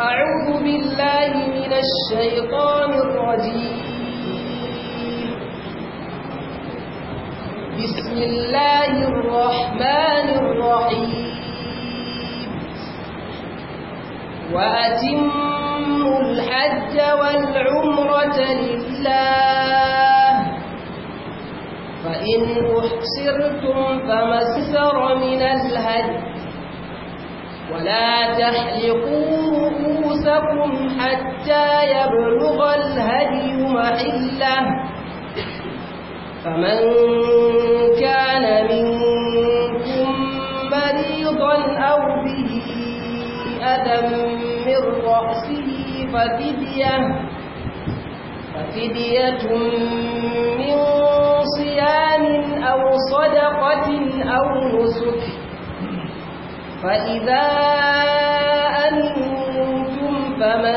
أعوذ بالله من الشيطان الرجيم بسم الله الرحمن الرحيم وأتموا الحج والعمرة لله فإن أحسرتم فما من الهدي ولا تحلقوا رؤوسكم حتى يبلغ الهدي محله فمن كان منكم مريضا أو به أذى من رأسه ففدية ففدية من صيام أو صدقة أو نسك فإذا أنتم فمن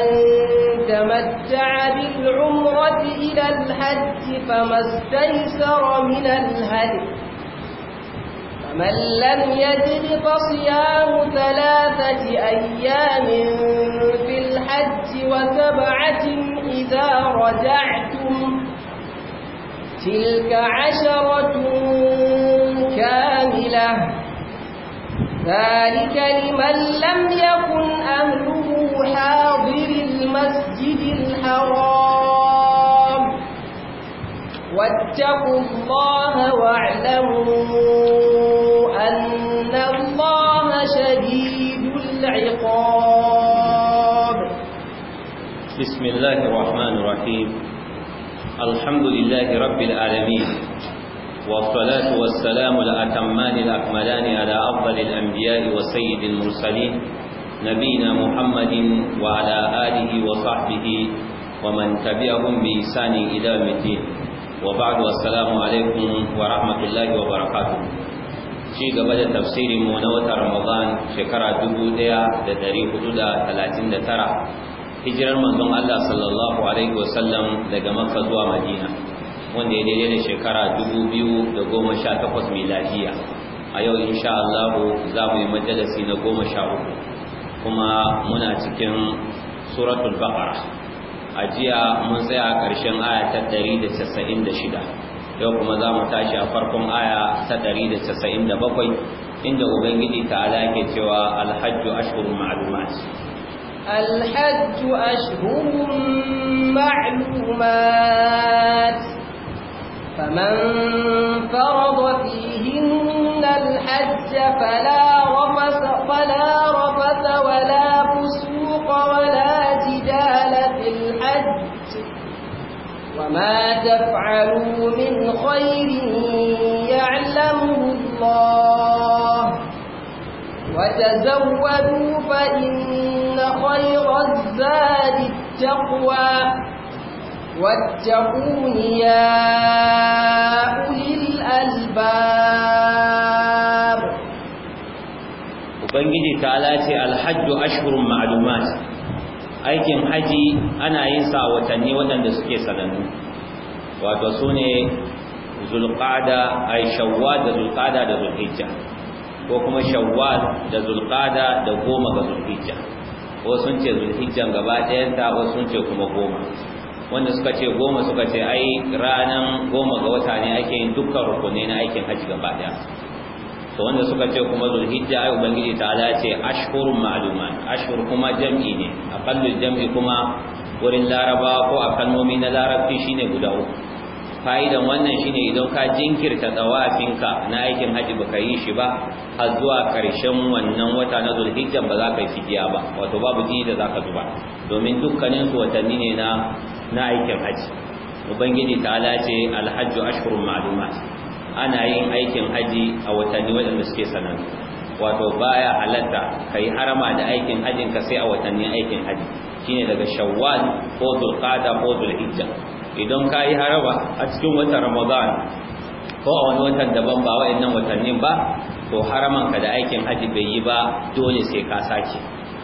تمتع بالعمرة إلى الحج فما استيسر من الهج فمن لم يجد فصيام ثلاثة أيام في الحج وسبعة إذا رجعتم تلك عشرة كاملة ذلك لمن لم يكن أهله حاضر المسجد الحرام واتقوا الله واعلموا أن الله شديد العقاب بسم الله الرحمن الرحيم الحمد لله رب العالمين والصلاة والسلام الأتمان الأكملان على أفضل الأنبياء وسيد المرسلين نبينا محمد وعلى آله وصحبه ومن تبعهم بإحسان إلى يوم الدين وبعد والسلام عليكم ورحمة الله وبركاته ci gaba da tafsirin mu na watan Ramadan shekara 1439 hijirar manzon Allah sallallahu alaihi wasallam daga Makka zuwa Madina wanda ya daidai da shekara 2018 miladiya a yau insha Allah za mu yi majalisi na goma sha uku, kuma muna cikin suratul baqara a jiya mun tsaya ƙarshen aya ta shida, yau kuma za mu tashi a farkon aya ta bakwai? inda ubangiji ala ke cewa alhajju ashhurun ma'lumat الحج أشهر معلومات فمن فرض فيهن الحج فلا رفث فلا رفث ولا فسوق ولا جدال في الحج وما تفعلوا من خير يعلمه الله وتزودوا فإن خير الزاد التقوى واتقون يا أولي الألباب Ubangiji ta lace alhajju ashhurun ma'lumat aikin haji ana yin sa watanni waɗanda suke sanannu wato sune zulqada ay shawwal da zulqada da zulhijja ko kuma shawwal da zulqada da goma ga zulhijja ko sun ce zulhijjan gaba ɗayan ta ko sun ce kuma goma wanda suka ce goma suka ce ai ranan goma ga wata ne ake yin dukkan rukunai na aikin hajji gaba daya to wanda suka ce kuma hijja ai ubangiji ala ce ashhurun ma'lumat ashhur kuma jam'i ne a kallon jam'i kuma wurin laraba ko a kalmomi na larabci shine guda uku fa'idan wannan shine idan ka jinkirta tsawafinka na aikin hajji baka yi shi ba har zuwa karshen wannan wata na zulhijja ba za ka yi fidiya ba wato babu jini da za ka zuba domin dukkanin watanni ne na na aikin haji ubangiji ta'ala ce alhajju ashhurun Maluma. ana yin aikin haji a watanni waɗanda suke sanannu wato baya halatta kai harama da aikin hajin ka sai a watannin aikin haji shine daga shawwal ko zulqa'da ko zulhijja idan ka yi haraba a cikin watan ramadan ko a wani watan daban ba wa'annan watannin ba to haraman ka da aikin haji bai yi ba dole sai ka sake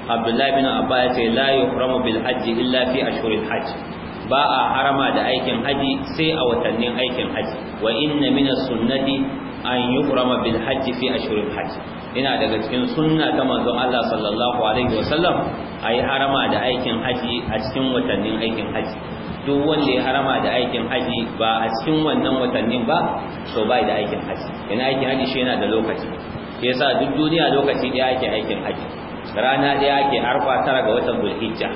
abdullahi bin abba ya ce la yuhramu bil hajji illa fi ashhuril Haji. ba a harama da aikin haji sai a watannin aikin haji wa inna min sunnati an yuqrama bil haji fi ashhuril haji ina daga cikin sunna ta manzon Allah sallallahu alaihi wasallam ayi harama da aikin haji a cikin watannin aikin haji duk wanda ya harama da aikin haji ba a cikin wannan watannin ba so bai da aikin haji ina aikin haji shi yana da lokaci yasa duk duniya lokaci da yake aikin haji rana da yake arfa tara ga watan hijja.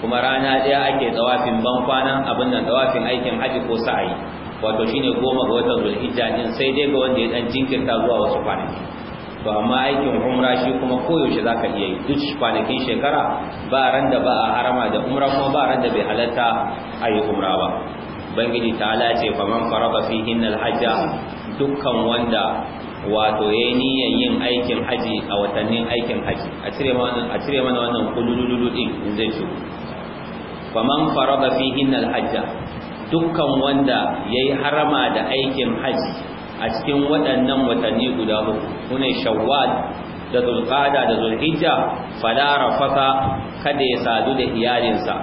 kuma rana ɗaya ake tsawafin ban kwana abin nan tsawafin aikin haji ko sa'ayi wato shine goma ga watan zulhijja din sai dai ga wanda ya dan jinkirta zuwa wasu kwanaki to amma aikin umra shi kuma koyaushe zaka iya yi duk kwanakin shekara ba ran da ba a harama da umra kuma ba ran da bai halatta ayi yi umra ba ubangiji ta'ala ce fa man farada fihin hajja dukkan wanda wato yi niyyar yin aikin haji a watannin aikin haji a cire mana wannan kulululu din zai shigo faman farada fihin alhajja dukkan wanda yayi harama da aikin Hajji, a cikin waɗannan watanni guda uku shawwal da zulqada da zulhijja fala rafasa, kada ya sadu da iyalinsa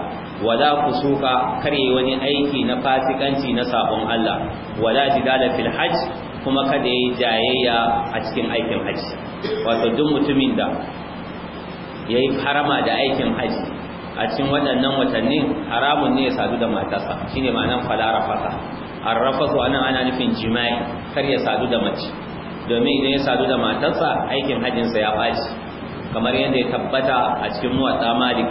wala kusuka kare wani aiki na fasikanci na sabon Allah wala jidala fil hajj kuma kada yayi jayayya a cikin aikin Hajji. wato duk mutumin da yayi harama da aikin Hajji. a cikin waɗannan watannin haramun ne ya sadu da matarsa shine ma'anar fala rafasa a anan ana nufin jima'i kar ya sadu da mace domin idan ya sadu da matarsa aikin hajjinsa ya ɓaci kamar yadda ya tabbata a cikin muwatsa malik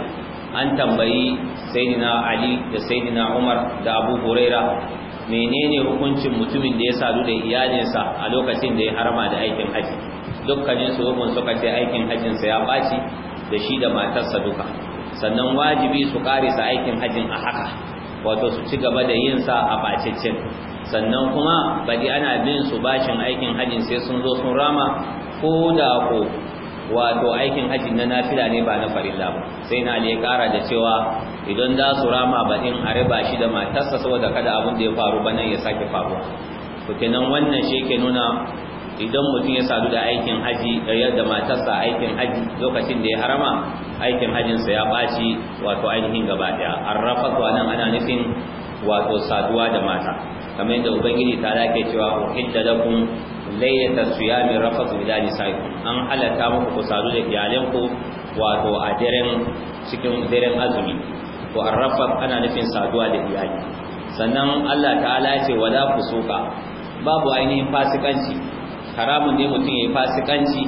an tambayi sayyidina ali da sayyidina umar da abu huraira menene hukuncin mutumin da ya sadu da iyalinsa a lokacin da ya harama da aikin hajji? dukkanin su hukun suka ce aikin hajjinsa ya ɓaci da shi da matarsa duka sannan wajibi su karisa aikin hajjin a haka wato su ci gaba da yin sa a bacicin sannan kuma baɗi ana bin su bashin aikin hajjin sai sun zo sun rama ko da ko wato aikin hajji na nafila ne ba na farilla ba sai na ne kara da cewa idan za su rama baɗin a riba shi da matarsa saboda kada abin da ya faru ba nan ya sake faruwa to kenan wannan shi ke nuna idan mutum ya sadu da aikin haji eh, da matarsa aikin haji lokacin da ya harama aikin hajinsa ya ɓaci wato ainihin gaba ɗaya an a nan ana nufin wato saduwa da mata kamar yadda ubangiji ta ke cewa da kun su ya laylata siyami rafatu ila nisaikum an halatta muku ku sadu da iyalanku wato a daren cikin daren azumi to rafas ana nufin saduwa da iyali sannan Allah ta'ala ya ce wala suka. babu ainihin fasikanci haramun ne mutum ya yi fasikanci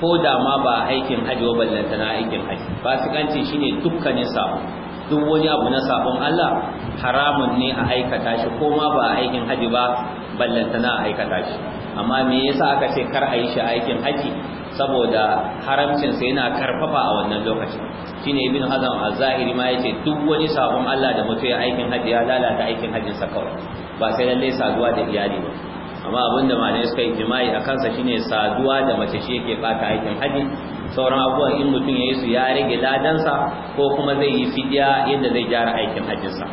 ko da ma ba aikin haji wa ballanta na aikin haji fasikanci shine dukkanin sabo duk wani abu na sabon Allah haramun ne a aikata shi ko ma ba aikin haji ba ballanta na aikata shi amma me yasa aka ce kar a yi shi aikin haji saboda haramcin sa yana karfafa a wannan lokacin shine ibn hazan a zahiri ma yace duk wani sabon Allah da mutum ya aikin haji ya lalata aikin hajin sa kawai ba sai lalle saduwa da iyali ba amma abinda malamai suka yi jima'i a kansa shine saduwa da mace shi yake bata aikin haji sauran abubuwan in mutum ya yi su ya rage ladansa ko kuma zai yi fidiya yadda zai gyara aikin hajjinsa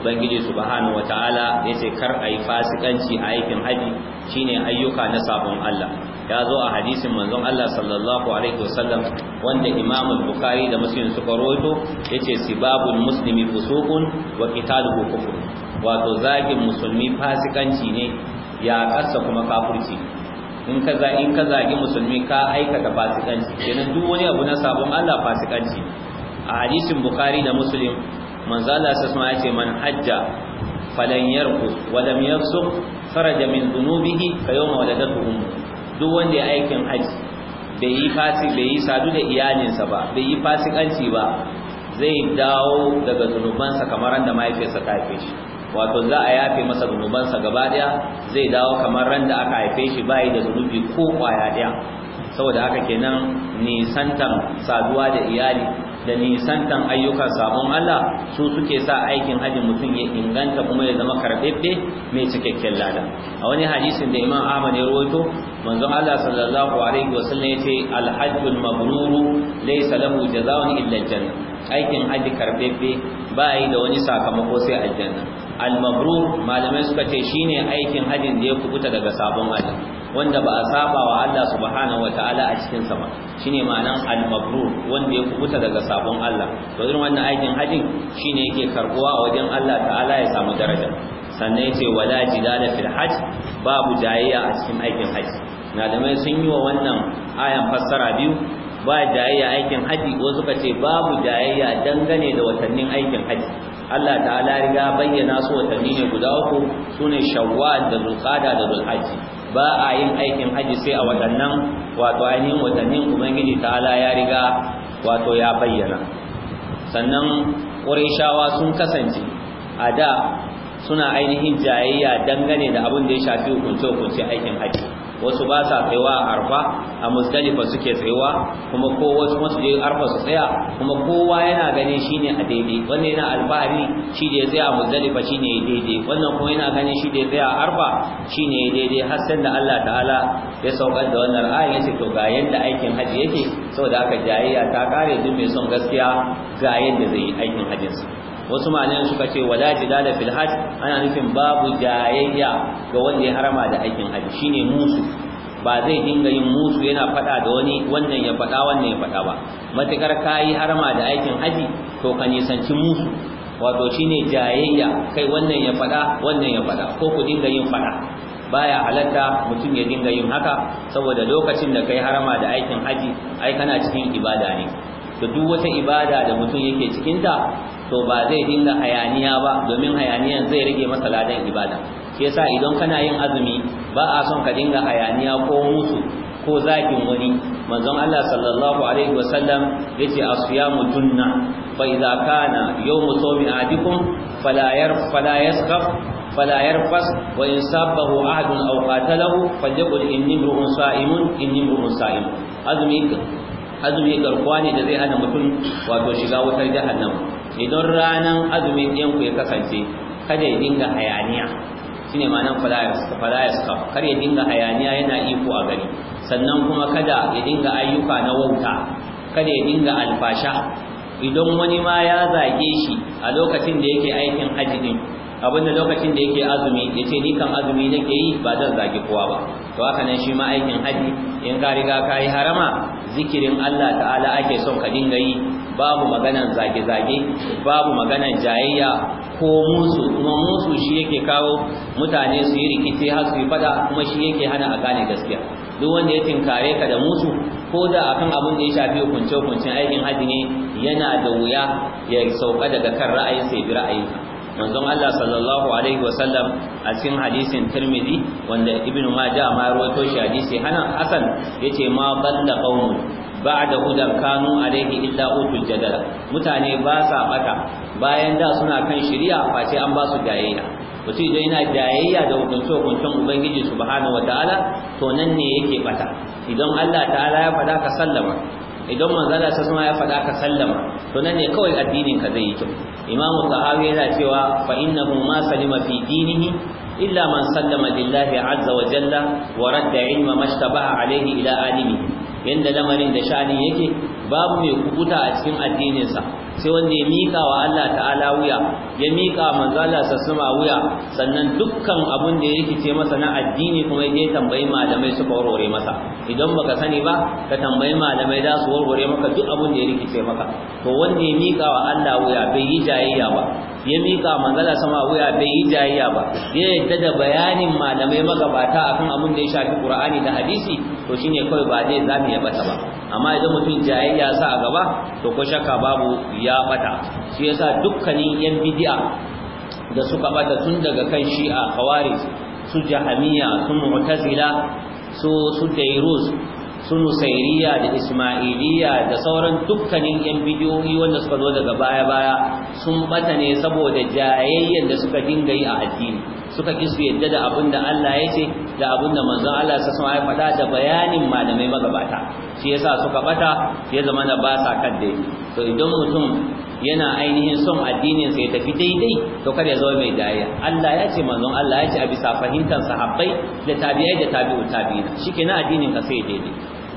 ubangiji subhanahu wataala yace kar ayi fasikanci a aikin haji shine ayyuka na sabon Allah ya zo a hadisin manzon Allah sallallahu alaihi wasallam wanda Imamul bukhari da Muslim suka rawaito ce sibabul muslimi fusuqun wa qitaluhu kufr wato zagin musulmi fasikanci ne ya kasa kuma kafirci in ka za in ka zagi musulmi ka aikata fasikanci kenan duk wani abu na sabon Allah fasikanci a hadisin bukhari da muslim manzo Allah sasma ya ce man hajja falan yarku wa lam yafsu faraja min dhunubihi ka yawma waladatu ummu duk wanda ya aikin haji bai yi fasik bai yi sadu da iyalinsa ba bai yi fasikanci ba zai dawo daga zunubansa kamar da mahaifiyarsa ta haife shi wato za a yafe masa zunubansa gaba daya zai dawo kamar ran da aka haife shi bai da zunubi ko kwaya daya saboda haka kenan nisantan saduwa da iyali da nisantan ayyukan sabon Allah su suke sa aikin hajji mutum ya inganta kuma ya zama karɓeɓɓe mai cikakken lada a wani hadisin da Imam Ahmad ya rawaito manzon Allah sallallahu alaihi wasallam yace al-hajjul mabruru laysa lahu jazaa'un illa janna aikin hajji karɓeɓɓe ba yi da wani sakamako sai aljanna al malamai suka ce shine aikin hajin da ya kubuta daga sabon Allah wanda ba a saba wa Allah subhanahu wataala a cikin sa ba shine ma'anan al wanda ya kubuta daga sabon Allah to irin wannan aikin hajin shine yake karbuwa a wajen Allah ta'ala ya samu daraja sannan yace wala jidala fil hajj babu jayayya a cikin aikin haji malamai sun yi wa wannan ayan fassara biyu ba jayayya aikin hajji, wasu ka ce babu jayayya dangane da watannin aikin haji Allah ta'ala riga bayyana su watanni ne guda uku sune Shawwal da Zulqa'da da Zulhajj ba a yin aikin haji sai a waɗannan wato ainihin watannin Ubangiji ta'ala ya riga wato ya bayyana sannan Qurayshawa sun kasance a da suna ainihin jayayya dangane da abin da ya shafi hukunce-hukunce aikin haji wasu ba sa tsayawa a arfa a musdalifa suke tsayawa kuma ko wasu masu je arfa su tsaya kuma kowa yana gani shine a daidai wannan yana alfahari shi da ya tsaya a musdalifa shine ya daidai wannan kuma yana ganin shi da ya tsaya a arfa shine ya daidai har sai da Allah ta'ala ya saukar da wannan ayin yace to ga yanda aikin haji yake saboda aka jayayya ta kare duk mai son gaskiya ga yanda zai yi aikin hajinsa wasu malayan suka ce wala jidala fil hajj ana nufin babu jayayya ga wanda ya harama da aikin hajji shine musu ba zai dinga yin musu yana fada da wani wannan ya fada wannan ya fada ba matakar kai harama da aikin hajji to ka nisanci musu wato shine jayayya kai wannan ya fada wannan ya fada ko ku dinga yin fada baya halatta mutum ya dinga yin haka saboda lokacin da kai harama da aikin hajji ai kana cikin ibada ne Da duk wata ibada da mutum yake cikinta to ba zai dinga hayaniya ba domin hayaniyan zai rage masa ladan ibada shi yasa idan kana yin azumi ba a son ka dinga hayaniya ko musu ko zafin wani manzon Allah sallallahu alaihi wasallam yace asyamu tunna fa idza kana yawmu sawmi adikum fala yar fala yasqaf fala yarfas wa in sabahu ahadun aw qatalahu inni imru'un sa'imun inni imru'un sa'im azumi azumi garkuwa ne da zai hana mutum wato shiga wutar jahannama idan ranan azumin ɗiyanku ya kasance kada ya dinga hayaniya shine nan falayas ka kar ya dinga hayaniya yana iko a gari sannan kuma kada ya dinga ayyuka na wauta kada ya dinga alfasha idan wani ma ya zage shi a lokacin da yake aikin hajji din abinda lokacin da yake azumi yace ni kan azumi nake yi ba zan zage kowa ba to haka nan shi ma aikin hajji in ka riga ka yi harama zikirin Allah ta'ala ake son ka dinga yi babu maganan zage-zage babu maganan jayayya ko musu kuma musu shi yake kawo mutane su yi rikici har su yi fada kuma shi yake hana a gane gaskiya duk wanda ya tinkare ka da musu ko da akan abin da ya shafi kunce hukuncen aikin haji ne yana da wuya ya sauka daga kan ra'ayin sai bi ra'ayin. manzon Allah sallallahu alaihi sallam a cikin hadisin Tirmidhi wanda Ibn Majah ma rawaito shi hadisi hana Hasan yace ma balla qaumun ba'da hudan kanu alaihi illa utul jadala mutane ba sa bata bayan da suna kan shari'a face an ba su jayayya mutum idan yana jayayya da hukuncin hukuncin ubangiji subhanahu wataala to nan ne yake bata idan Allah ta'ala ya faɗa ka sallama idan manzala sa ya faɗa ka sallama to nan ne kawai addinin ka zai yi kyau imamu sahabi yana cewa fa innahu ma salima fi dinihi illa man sallama lillahi azza wa jalla wa radda ilma mashtabaha alayhi ila alimi yanda lamarin da shani yake babu mai kubuta a cikin addininsa sai wanda ya mika wa Allah ta'ala wuya ya mika manzo Allah sama wuya sannan dukkan abun da yake ce masa na addini kuma ya tambayi malamai su warware masa idan baka sani ba ka tambayi malamai da su warware maka duk abun da ya rikice maka to wanda ya mika wa Allah wuya bai yi jayayya ba ya mika manzala sama wuya bai yi jayayya ba ya yadda da bayanin malamai magabata akan abun da ya shafi Qur'ani da hadisi to shine kawai ba zai zami ya bata ba amma idan mutum jayayya sa a gaba to ko shakka babu ya bata shi yasa dukkanin yan bid'a da suka bata tun daga kan shi'a khawarij su jahamiya su mu'tazila su su dairuz su nusairiya da ismailiya da sauran dukkanin yan bidiyoyi wanda suka zo daga baya baya sun bata ne saboda jayayyan da suka dinga yi a addini suka ki su yadda da abin da Allah ya ce da abin da manzon Allah sa sama ya da bayanin malamai magabata shi yasa suka bata ya zama na ba sa kan to idan mutum yana ainihin son addinin sa ya tafi daidai to kada ya zama mai daya Allah ya ce manzon Allah ya ce a bisa fahimtar sahabbai da tabi'ai da tabi'u tabi'ina shikenan addinin ka sai daidai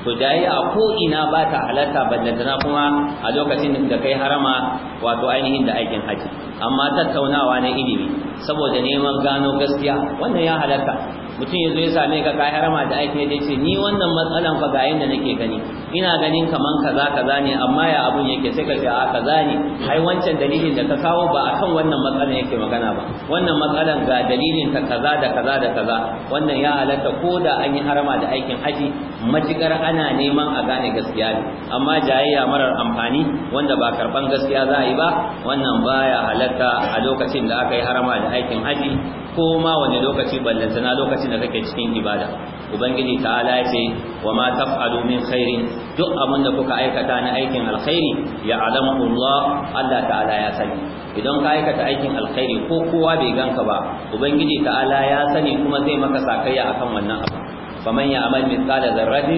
to dai a ko ina ba ta halatta na kuma a lokacin da kai harama wato ainihin da aikin haji amma tattaunawa na ilimi saboda neman gano gaskiya wannan ya halatta mutum yazo ya same ka kai harama da aiki da yace ni wannan matsalan fa ga yanda nake gani ina ganin kaman kaza kaza ne amma ya abun yake sai ka ce a kaza ne ai wancan dalilin da ka kawo ba akan wannan matsalan yake magana ba wannan matsalan ga dalilin ta kaza da kaza da kaza wannan ya halatta ko da an yi harama da aikin haji matikar ana neman a gane gaskiya ne amma jayayya marar amfani wanda ba karban gaskiya za a yi ba wannan baya halatta a lokacin da aka yi harama da aikin haji koma wani lokaci ballantana lokacin da kake cikin ibada ubangiji ta'ala ya ce wa ma taf'alu min khairin duk abin da kuka aikata na aikin alkhairi ya alamu Allah Allah ta'ala ya sani idan ka aikata aikin alkhairi ko kowa bai ganka ba ubangiji ta'ala ya sani kuma zai maka sakayya akan wannan abu فمن يعمل مثقال ذرة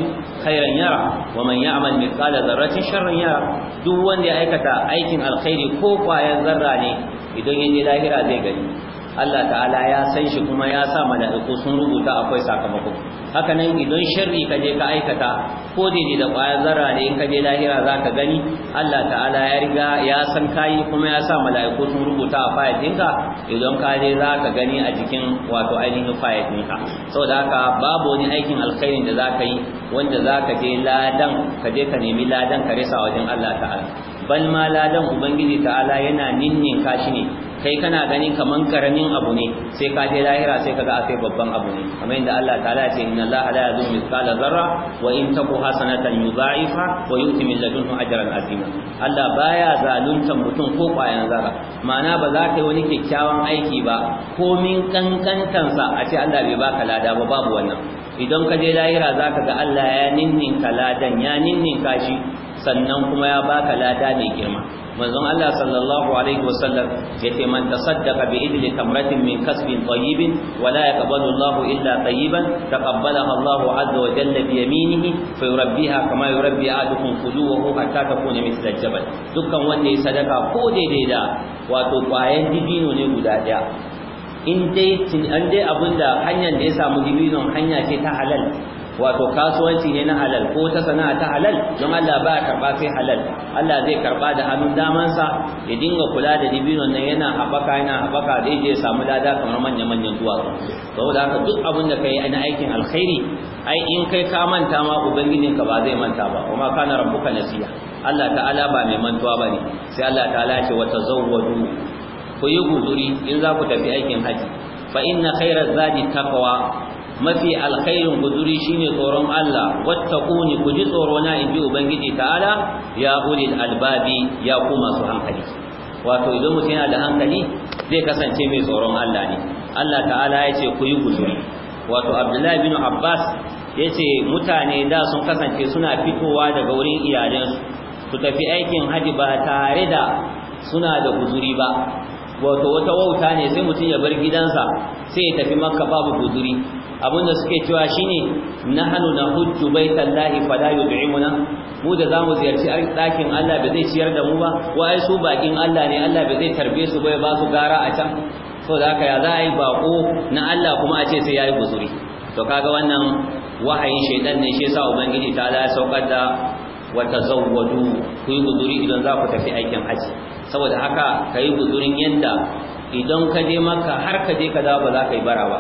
خيرا يرى ومن يعمل مثقال ذرة شرا yara. duk wanda ya aikata aikin alkhairi ko kwayan zarra ne idan yaje lahira zai gani Allah ta'ala ya san shi kuma ya sa mala'iku sun rubuta akwai sakamako haka nan idan sharri ka je ka aikata ko ne da ƙwayar zarra ne in ka je lahira za ka gani Allah ta'ala ya riga ya san kayi kuma ya sa mala'iku sun rubuta a fayil ɗinka idan ka je za ka gani a jikin wato ainihin fayil ɗinka saboda haka babu wani aikin alkhairin da za ka yi wanda za ka je ladan ka ka nemi ladan ka resa wajen Allah ta'ala bal ma ladan ubangiji ta'ala yana ka shi ne kai kana gani kaman karamin abu ne sai ka je lahira sai kaga akai babban abu ne kamar inda Allah ta'ala ce inna Allah la yuzlimu mithqala dharra wa in taku hasanatan yudha'ifa wa yu'ti min ladunhu ajran azima Allah baya zalunta mutum ko kwayan zara ma'ana ba za ka yi wani kyakkyawan aiki ba ko min kankantan kankantansa a ce Allah bai baka lada ba babu wannan idan ka je lahira zaka ga Allah ya ninninka ladan ya ninninka shi sannan kuma ya baka lada mai girma manzon Allah sallallahu alaihi wasallam yace man tasaddaqa bi idli tamratin min kasbin tayyibin wa la yaqbalu Allah illa tayyiban taqabbalaha Allah azza wa jalla bi yaminihi fa yurabbiha kama yurabbi ahadukum quduwahu hatta takuna mithla jabal dukkan wanda ya sadaka ko daidai da wato kwayan dibino ne guda daya in dai an dai abinda hanyar da ya samu dibinon hanya ce ta halal wato kasuwanci ne na halal ko ta sana'a ta halal don Allah ba karba sai halal Allah zai karba da hannun damansa ya dinga kula da dibinon nan yana habaka yana habaka zai je samu lada kamar manyan manyan duwatsu saboda haka duk abin da kai na aikin alkhairi ai in kai ka manta ma ka ba zai manta ba kuma kana rabbuka nasiya Allah ta'ala ba mai mantuwa bane sai Allah ta'ala ce wa tazawwadu ku yi guzuri in za ku tafi aikin haji fa inna khairaz zadi taqwa mafi alkhairin guzuri shine tsoron Allah wattaquni ku ji tsoro na inji ubangiji ta'ala ya ulil albabi ya ku masu hankali wato idan mutum yana da hankali zai kasance mai tsoron Allah ne Allah ta'ala ya ce ku yi guduri wato Abdullahi bin Abbas ya ce mutane da sun kasance suna fitowa daga wurin iyalansu su tafi aikin haji ba tare da suna da guduri ba wato wata wauta ne sai mutum ya bar gidansa sai ya tafi makka babu guduri Abun da suke cewa shine nahnu nahujju baitallahi fala yud'imuna mu da zamu ziyarci dakin Allah ba zai ciyar da mu ba wai su bakin Allah ne Allah ba zai tarbe su ba ba su gara a can so da haka ya za a yi bako na Allah kuma a ce sai yayi guzuri to kaga wannan wahayin shaidan ne shi yasa ubangiji ta Allah ya saukar da wa tazawwadu ku yi guzuri idan za ku tafi aikin haji saboda haka kai guzurin yanda idan ka je maka har ka je ka za ba za ka yi bara ba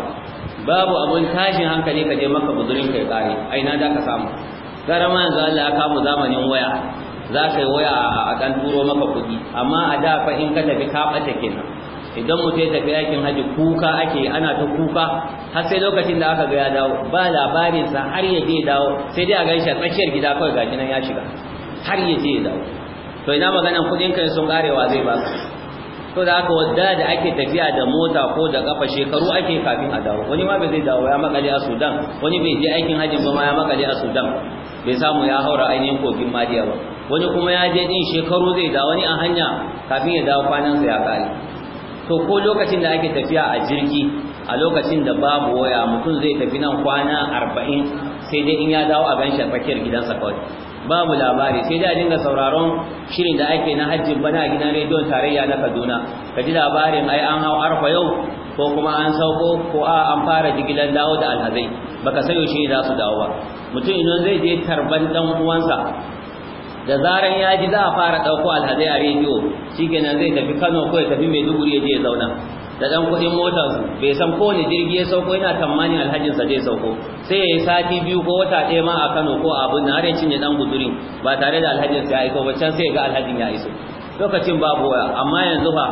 babu abun tashin hankali ka je maka buzurin kai kare aina za ka samu garama yanzu Allah ya kamu zamanin waya za ka yi waya a kan turo maka kuɗi amma a da fa in ka tafi ka ɓata kenan idan mutum ya tafi yakin haji kuka ake ana ta kuka har sai lokacin da aka ga ya dawo ba labarinsa har ya je dawo sai dai a gan shi tsakiyar gida kawai gashi nan ya shiga har ya je dawo to ina maganan kuɗin kai sun karewa zai ba so da aka wadda da ake tafiya da mota ko da kafa shekaru ake kafin a dawo wani ma bai zai dawo ya makale a Sudan wani bai je aikin hajjin ba ma ya makale a Sudan bai samu ya haura ainihin kogin Madiya ba wani kuma ya je din shekaru zai dawo wani a hanya kafin ya dawo kwanan sa ya kare to ko lokacin da ake tafiya a jirgi a lokacin da babu waya mutum zai tafi nan kwana arba'in, sai dai in ya dawo a ganshi a gidansa kawai babu labari sai da dinga sauraron shirin da ake na hajji bana a gidan rediyon tarayya na Kaduna ka ji labarin ai an hau arfa yau ko kuma an sauko ko a an fara jigilar dawo da alhazai baka sayo shi za su dawo ba mutum idan zai je tarban dan uwansa da zaran ya ji za a fara dauko alhazai a rediyo kenan zai tafi Kano ko ya tafi Maiduguri ya je ya zauna da dan kuɗin motar su bai san ko kowane jirgi ya sauko yana tamanin alhajin sa zai sauko sai yayi sati biyu ko wata ɗaya ma a Kano ko a Abuja har ya cinye dan gudurin ba tare da alhajin sa ya aiko ba can sai ya ga alhajin ya iso lokacin babu waya amma yanzu fa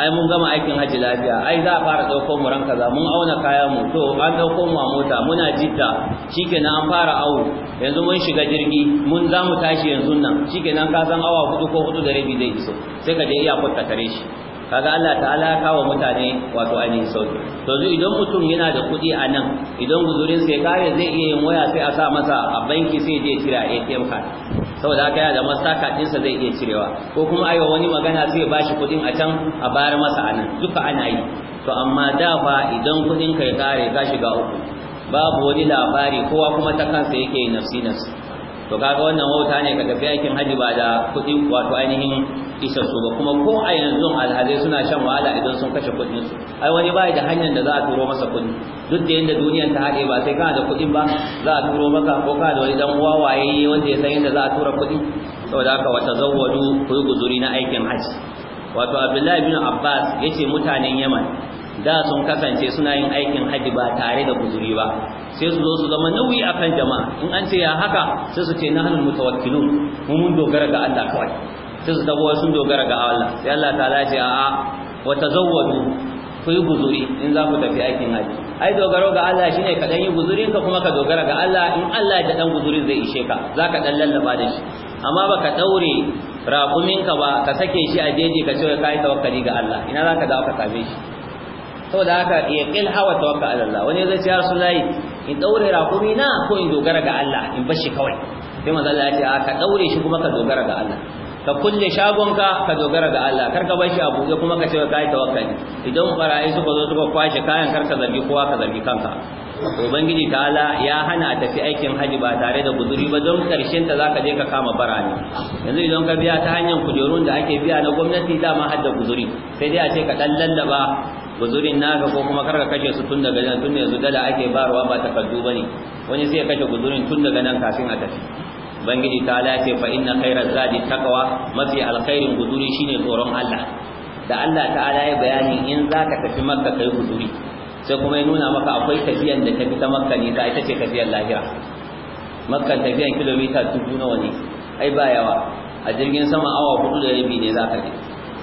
ai mun gama aikin haji lafiya ai za a fara dauko mu ran kaza mun auna kayan mu to an dauko mu a mota muna jidda shikenan an fara awo yanzu mun shiga jirgi mun za tashi yanzu nan shikenan ka san awa hudu ko hudu da rabi zai iso sai ka je iya kwatta tare shi kaga Allah ta'ala ya kawo mutane wato ainihin sauki to zu idan mutum yana da kuɗi a nan idan guzurin sai kare zai iya yin waya sai a sa masa a banki sai je cire a ATM card saboda haka yana da mastaka sa zai iya cirewa ko kuma ayo wani magana sai ba shi kuɗin a can a bayar masa a nan duka ana yi to amma da fa idan kuɗin kai ya kare ka shiga uku babu wani labari kowa kuma ta kansa yake nafsi nafsi to kaga wannan wauta ne ka tafi aikin haji ba da kuɗi wato ainihin isa su ba kuma ko a yanzu alhazai suna shan wahala idan sun kashe kuɗin su ai wani bai da hanyar da za a turo masa kuɗi duk da yanda duniyar ta haɗe ba sai kana da kuɗin ba za a turo maka ko kana da wani dan uwa waye wanda ya san yanda za a tura kuɗi saboda haka wata zawwadu ku yi na aikin hajj wato abdullahi bin abbas yace mutanen yaman da sun kasance suna yin aikin hajji ba tare da guzuri ba sai su zo su zama nauyi akan jama'a in an ce ya haka sai su ce nahnu mutawakkilun mu mun dogara ga Allah kawai sai su tabo sun dogara ga Allah sai Allah ta'ala ce a'a wa tazawwadu ku yi guzuri in za ku tafi aikin haji ai dogaro ga Allah shine ka dan yi guzurin ka kuma ka dogara ga Allah in Allah ya dan guzuri zai ishe ka zaka dan lallaba da shi amma baka daure ka ba ka sake shi a jeji ka ce kai tawakkali ga Allah ina zaka dawo ka same shi saboda haka ya qil hawa tawakkal ala Allah wani zai ce ya rasulullahi in daure rakumi na ko in dogara ga Allah in bar shi kawai sai manzo Allah ya ce ka daure shi kuma ka dogara ga Allah ka kulle shagonka ka dogara ga Allah kar ka bar shi a buɗe kuma ka ce ka tawakkali idan barayi suka zo suka kwashe kayan kar ka zargi kowa ka zargi kanka ubangiji ta'ala ya hana tafi aikin haji ba tare da guduri ba don karshen ta zaka je ka kama barani yanzu idan ka biya ta hanyar kujerun da ake biya na gwamnati dama har da guduri sai dai a ce ka dan lallaba guzurin naka ko kuma kar ka kashe su tun daga nan tun yanzu dala ake barwa ba takardu bane wani sai kashe guzurin tun daga nan kafin a tafi ubangiji ta lafe fa inna khairaz zadi taqwa mafi alkhairin guduri shine tsoron Allah da Allah ta'ala ya bayanin in zaka tafi makka kai guduri sai kuma ya nuna maka akwai tafiyan da tafi ta makka ne ta ita ce tafiyar lahira makka tafiyan kilomita dubu nawa ne ai ba yawa a jirgin sama awa hudu da rabi ne za ka je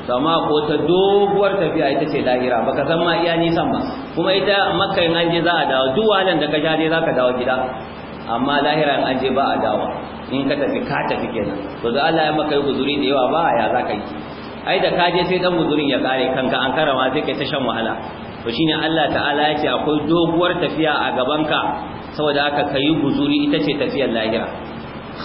to amma ko ta doguwar tafiya ita ce lahira baka san ma iya nisan ba kuma ita makka in an je za a dawo duk da ka sha dai za ka dawo gida amma lahira in an je ba a dawo in ka tafi ka tafi kenan to da Allah ya maka yi guzuri da yawa ba ya zaka yi ai da ka je sai dan guzurin ya kare kanka an karama sai kai ta shan wahala to shine Allah ta'ala ya ce akwai doguwar tafiya a gaban ka saboda haka kai guzuri ita ce tafiyar lahira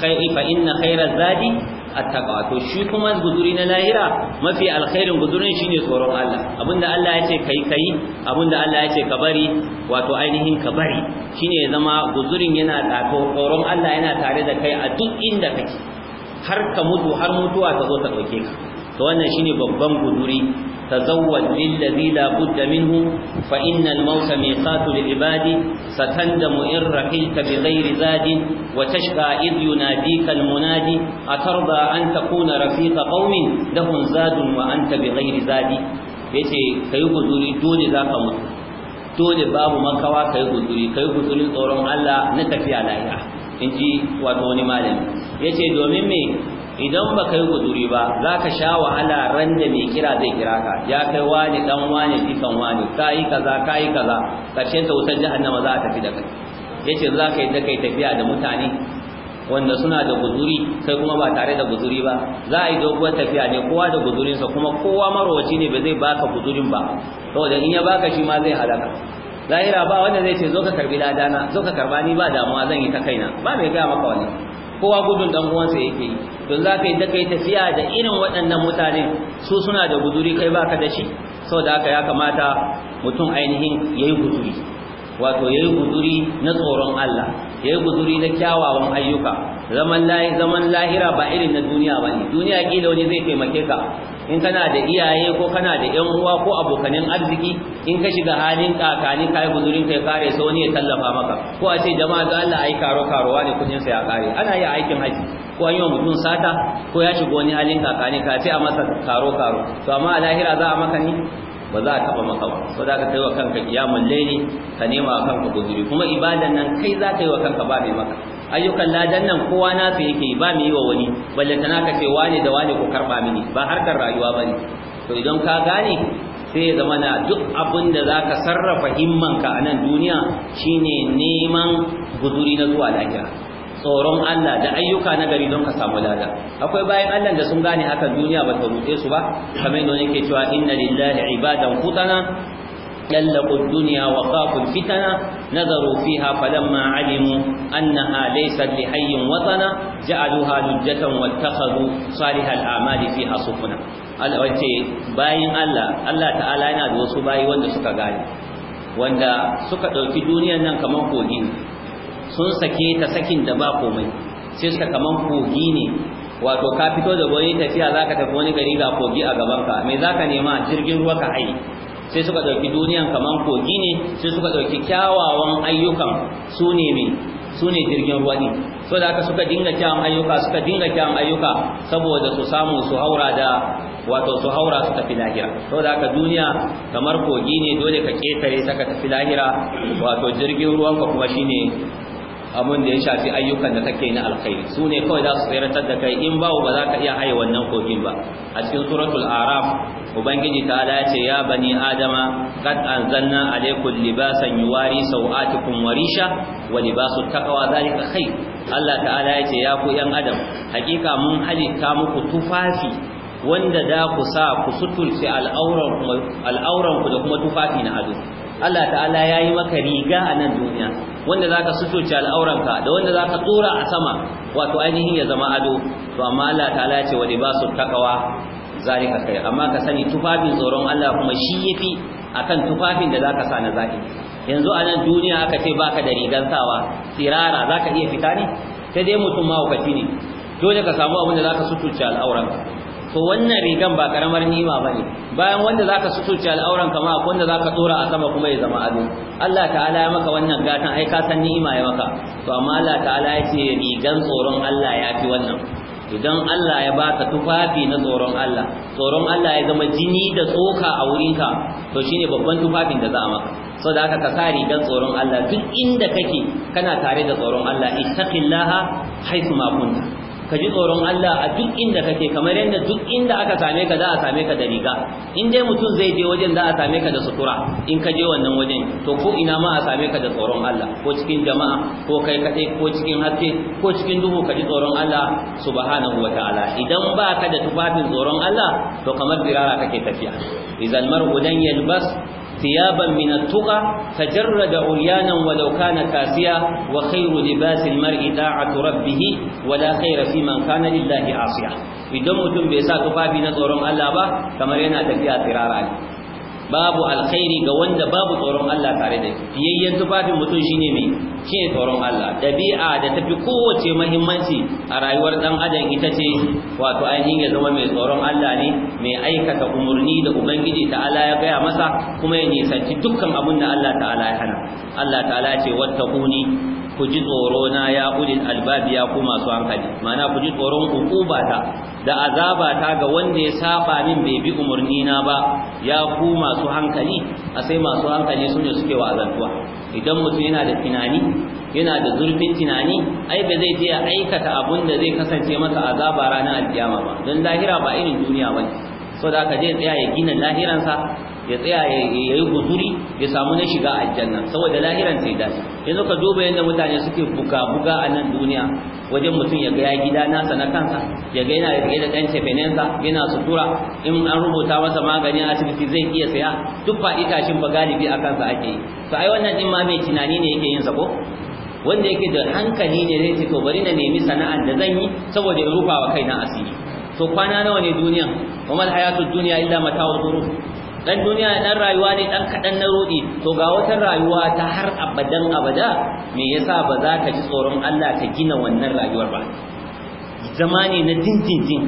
fa inna khayra zadi attaqwa to shi kuma guzuri na lahira mafi alkhairin guzurin shine tsoron Allah abinda Allah ya ce kai kai abinda Allah ya ce ka bari wato ainihin ka bari shine ya zama guzurin yana tsato tsoron Allah yana tare da kai a duk inda kake har ka mutu har mutuwa ta zo ta dauke ka to wannan shine babban guzuri تزود للذي لا بد منه فإن الموت ميقات للعباد ستندم إن رحلت بغير زاد وتشقى إذ يناديك المنادي أترضى أن تكون رفيق قوم لهم زاد وأنت بغير زاد yace yi guzuri dole ka mutu dole babu makawa kai guzuri yi guzuri tsoron Allah na tafiya in ji wato wani malami yace domin me idan baka yi guduri ba za ka sha wahala ran da mai kira zai kira ka ya kai wani dan wani fikan wani kai kaza kai kaza karshen ta wutar jahannama za a tafi da kai yace za ka yi da kai tafiya da mutane wanda suna da guduri sai kuma ba tare da guduri ba za a yi doguwar tafiya ne kowa da gudurinsa kuma kowa marowaci ne ba zai baka gudurin ba saboda in ya baka shi ma zai halaka zahira ba wanda zai ce zo ka karbi ladana zo ka karba ni ba damuwa zan yi ta kaina ba mai gaya maka wani. kowa gudun dan uwansa yake yi don za ka yi tafiya da irin waɗannan mutane su suna da guduri kai baka da shi saboda haka ya kamata mutum ainihin yayi guduri wato yayi guduri na tsoron Allah yayi guduri na kyawawan ayyuka zaman lahira ba irin na duniya bane duniya kila wani zai taimake ka in kana da iyaye ko kana da yan uwa ko abokanin arziki in ka shiga halin kakani kai guzurin kai kare sai wani ya tallafa maka ko a ce jama'a da Allah ai karo karowa ne kudin sa ya kare ana yi aikin haji ko an yi wa mutum sata ko ya shiga wani halin kakani ka ce a masa karo karo to amma a lahira za a maka ni ba za a taba maka ba so za ka kai wa kanka kiyamul laili ka nema kanka guzuri kuma ibadan nan kai za ka yi wa kanka ba mai maka ayyukan ladan nan kowa nasu yake ba mu yi wa wani tana naka ce wane da wane ko karba mini ba harkar rayuwa ba ne, to idan ka gane sai ya zama na duk abin da za ka sarrafa ka a nan duniya shine neman guduri na zuwa lahira tsoron Allah da ayyuka na gari don ka samu lada akwai bayan Allah da sun gane haka duniya ba ta rute su ba kamar yadda yake cewa inna lillahi ibadan khutana يلقوا الدنيا وخافوا الفتنة نظروا فيها فلما علموا أنها ليست لحي وطنا جعلوها لجة واتخذوا صالح الأعمال فيها سفنا التي باين الله الله تعالى ينادي وصباي وند سكا غالي وند سكا دوكي دنيا نان كمان كوغي sun sake ta sakin da ba komai sai suka kaman kogi ne wato ka fito da wani tafiya zaka tafi wani gari ga kogi a gaban ka me zaka nema jirgin ruwa ka haye sai suka ɗauki duniyan kamar kogi ne sai suka dauki kyawawan ayyukan su ne mai su ne jirgin ruwa ne so da aka suka dinga kyawun ayyuka suka dinga kyawun ayyuka saboda su samu su haura da wato su haura su tafi lahira so da aka duniya kamar kogi ne dole ka ketare ta ka tafi lahira wato jirgin ruwan ka kuma shine abun da ya shafi ayyukan da kake na alkhairi su ne kawai za su tseratar da kai in bawo ba za ka iya haye wannan kogin ba a cikin suratul araf ubangiji ta ala ce ya bani adama qad anzalna alaykum libasan yuwari sawatikum wa risha wa libasu taqwa zalika khair Allah ta'ala ya ce ya ku yan adam hakika mun halitta muku tufafi wanda da ku sa ku suturce al'auranku da kuma tufafi na ado Allah ta'ala ya yi maka riga a nan duniya wanda zaka suturce al'auranka da wanda zaka tsora a sama wato ainihin ya zama ado to amma Allah ta'ala ce wa libasu taqwa zalika kai amma ka sani tufafin tsoron Allah kuma shi yafi akan tufafin da zaka sa na zaki yanzu a nan duniya aka ce baka da rigan sawa sirara zaka iya fita ne sai dai mutum ma ne dole ka samu abin da zaka suturce al'auranka to wannan rigan ba karamar ni'ima bane bayan wanda zaka sutuce al'auran kama akwai wanda zaka dora a sama kuma ya zama ado Allah ta'ala ya maka wannan gatan ai ka san ni'ima ya maka to amma Allah ta'ala ya ce rigan tsoron Allah ya fi wannan idan Allah ya baka tufafi na tsoron Allah tsoron Allah ya zama jini da tsoka a wurin ka? to shine babban tufafin da za a maka so haka ka sa rigan tsoron Allah duk inda kake kana tare da tsoron Allah ittaqillaha haythu ma kunta ka ji tsoron Allah a duk inda kake kamar yadda duk inda aka same ka za a same ka da riga in dai mutum zai je wajen za a same ka da sutura in ka je wannan wajen to ko ina ma a same ka da tsoron Allah ko cikin jama'a ko kai kaɗai ko cikin haske ko cikin duhu ka ji tsoron Allah subhanahu wa ta'ala idan ba ka da tufafin tsoron Allah to kamar birara kake tafiya idan mar'u bas. yalbas ثيابا من التقى تجرد عريانا ولو كان كاسيا وخير لباس المرء طاعة ربه ولا خير في من كان لله عاصيا idan mutum bai sa tufafi na tsoron Allah ba kamar yana tafiya firara ne babu alkhairi ga wanda babu tsoron Allah tare da shi yayyan tufafin mutum shine mai ne tsoron Allah dabi'a da tafi kowace muhimmanci a rayuwar dan adam ita ce wato ainihin ya zama mai tsoron Allah ne mai aikata umurni da ubangiji ta'ala ya gaya masa kuma ya nisanci dukkan abin da Allah ta'ala ya hana Allah ta'ala ya ce wattaquni ku ji tsoro na ya ulil albab ya ku masu hankali mana ku ji tsoron hukuma ta da azaba ta ga wanda ya saba min bai bi umarni na ba ya ku masu hankali a sai masu hankali sune suke azantuwa idan mutum yana da tunani yana da zurfin tunani ai ba zai je ya aikata abun da zai kasance masa azaba ranar alkiyama ba don lahira ba irin duniya bane saboda haka je tsaya ya gina lahiransa ya tsaya ya yi guzuri ya samu na shiga aljanna saboda lahiran sai dace yanzu ka duba yadda mutane suke buga buga a nan duniya wajen mutum ya ga ya gida nasa na kansa ya ga yana rike da dan cefenensa yana sutura in an rubuta masa magani a asibiti zai iya saya duk faɗi tashin ba galibi a kansa ake yi to ai wannan din ma mai tunani ne yake yin sa ko wanda yake da hankali ne zai ce to bari na nemi sana'ar da zan yi saboda in rufa wa kaina asiri to kwana nawa ne duniya kuma hayatu duniya illa mata'ul ghurur dan duniya dan rayuwa ne dan kadan na rodi to ga wata rayuwa ta har abadan abada me yasa ba za ka ji tsoron Allah ka gina wannan rayuwar ba zama ne na dindindin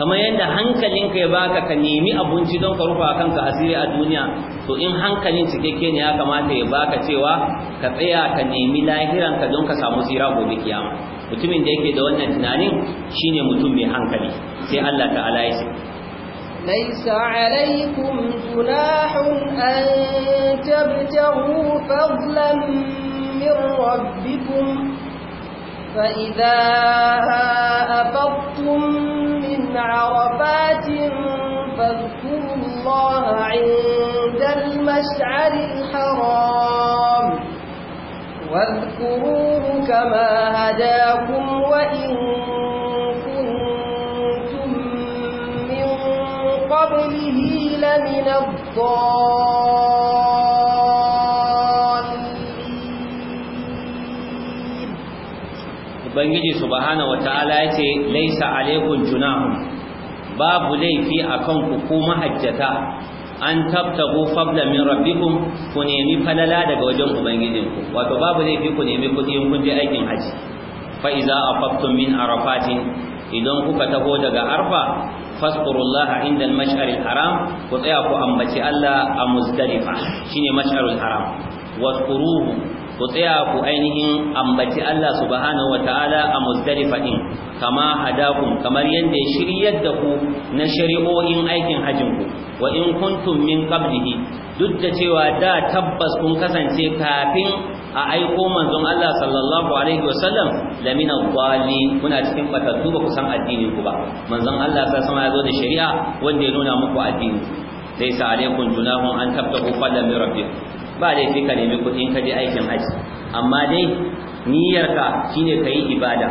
kamar yadda hankalinka ya baka ka nemi abinci don ka rufa kanka asiri a duniya to in hankalin cikakke ne ya kamata ya baka cewa ka tsaya ka nemi lahiranka don ka samu tsira gobe kiyama mutumin da yake da wannan tunanin shine mutum mai hankali sai Allah ta'ala ya ليس عليكم جناح أن تبتغوا فضلا من ربكم فإذا أفضتم من عرفات فاذكروا الله عند المشعر الحرام واذكروه كما هداكم وإن قبله لمن الضالين Ubangiji subhanahu wataala yace laisa alaikum junahum babu laifi akan ku ko mahajjata an tabtagu fadla min rabbikum ku nemi falala daga wajen ubangijinku wato babu laifi ku nemi kudi in kun je aikin haji fa iza afaqtum min arafatin idan kuka taho daga arfa fasqurullaha inda al-mash'aril haram ku tsaya ku ambaci Allah a muzdalifa shine mash'arul haram wasquruhu ku tsaya ku ainihin ambaci Allah subhanahu wataala a muzdalifa din kama hadakum kamar yadda ya shiryar da ku na shari'o'in aikin hajjin ku wa in kuntum min qablihi duk da cewa da tabbas kun kasance kafin a aiko manzon Allah sallallahu alaihi wasallam la min adh kuna cikin batattu ba ku san addinin ku ba manzon Allah sallallahu alaihi wasallam ya zo da shari'a wanda ya nuna muku addini laysa alaikum junahun an tabtahu fadlan rabbikum ba laifi ka nemi kuɗi in ka je aikin haji amma dai niyyar ka shine ka yi ibada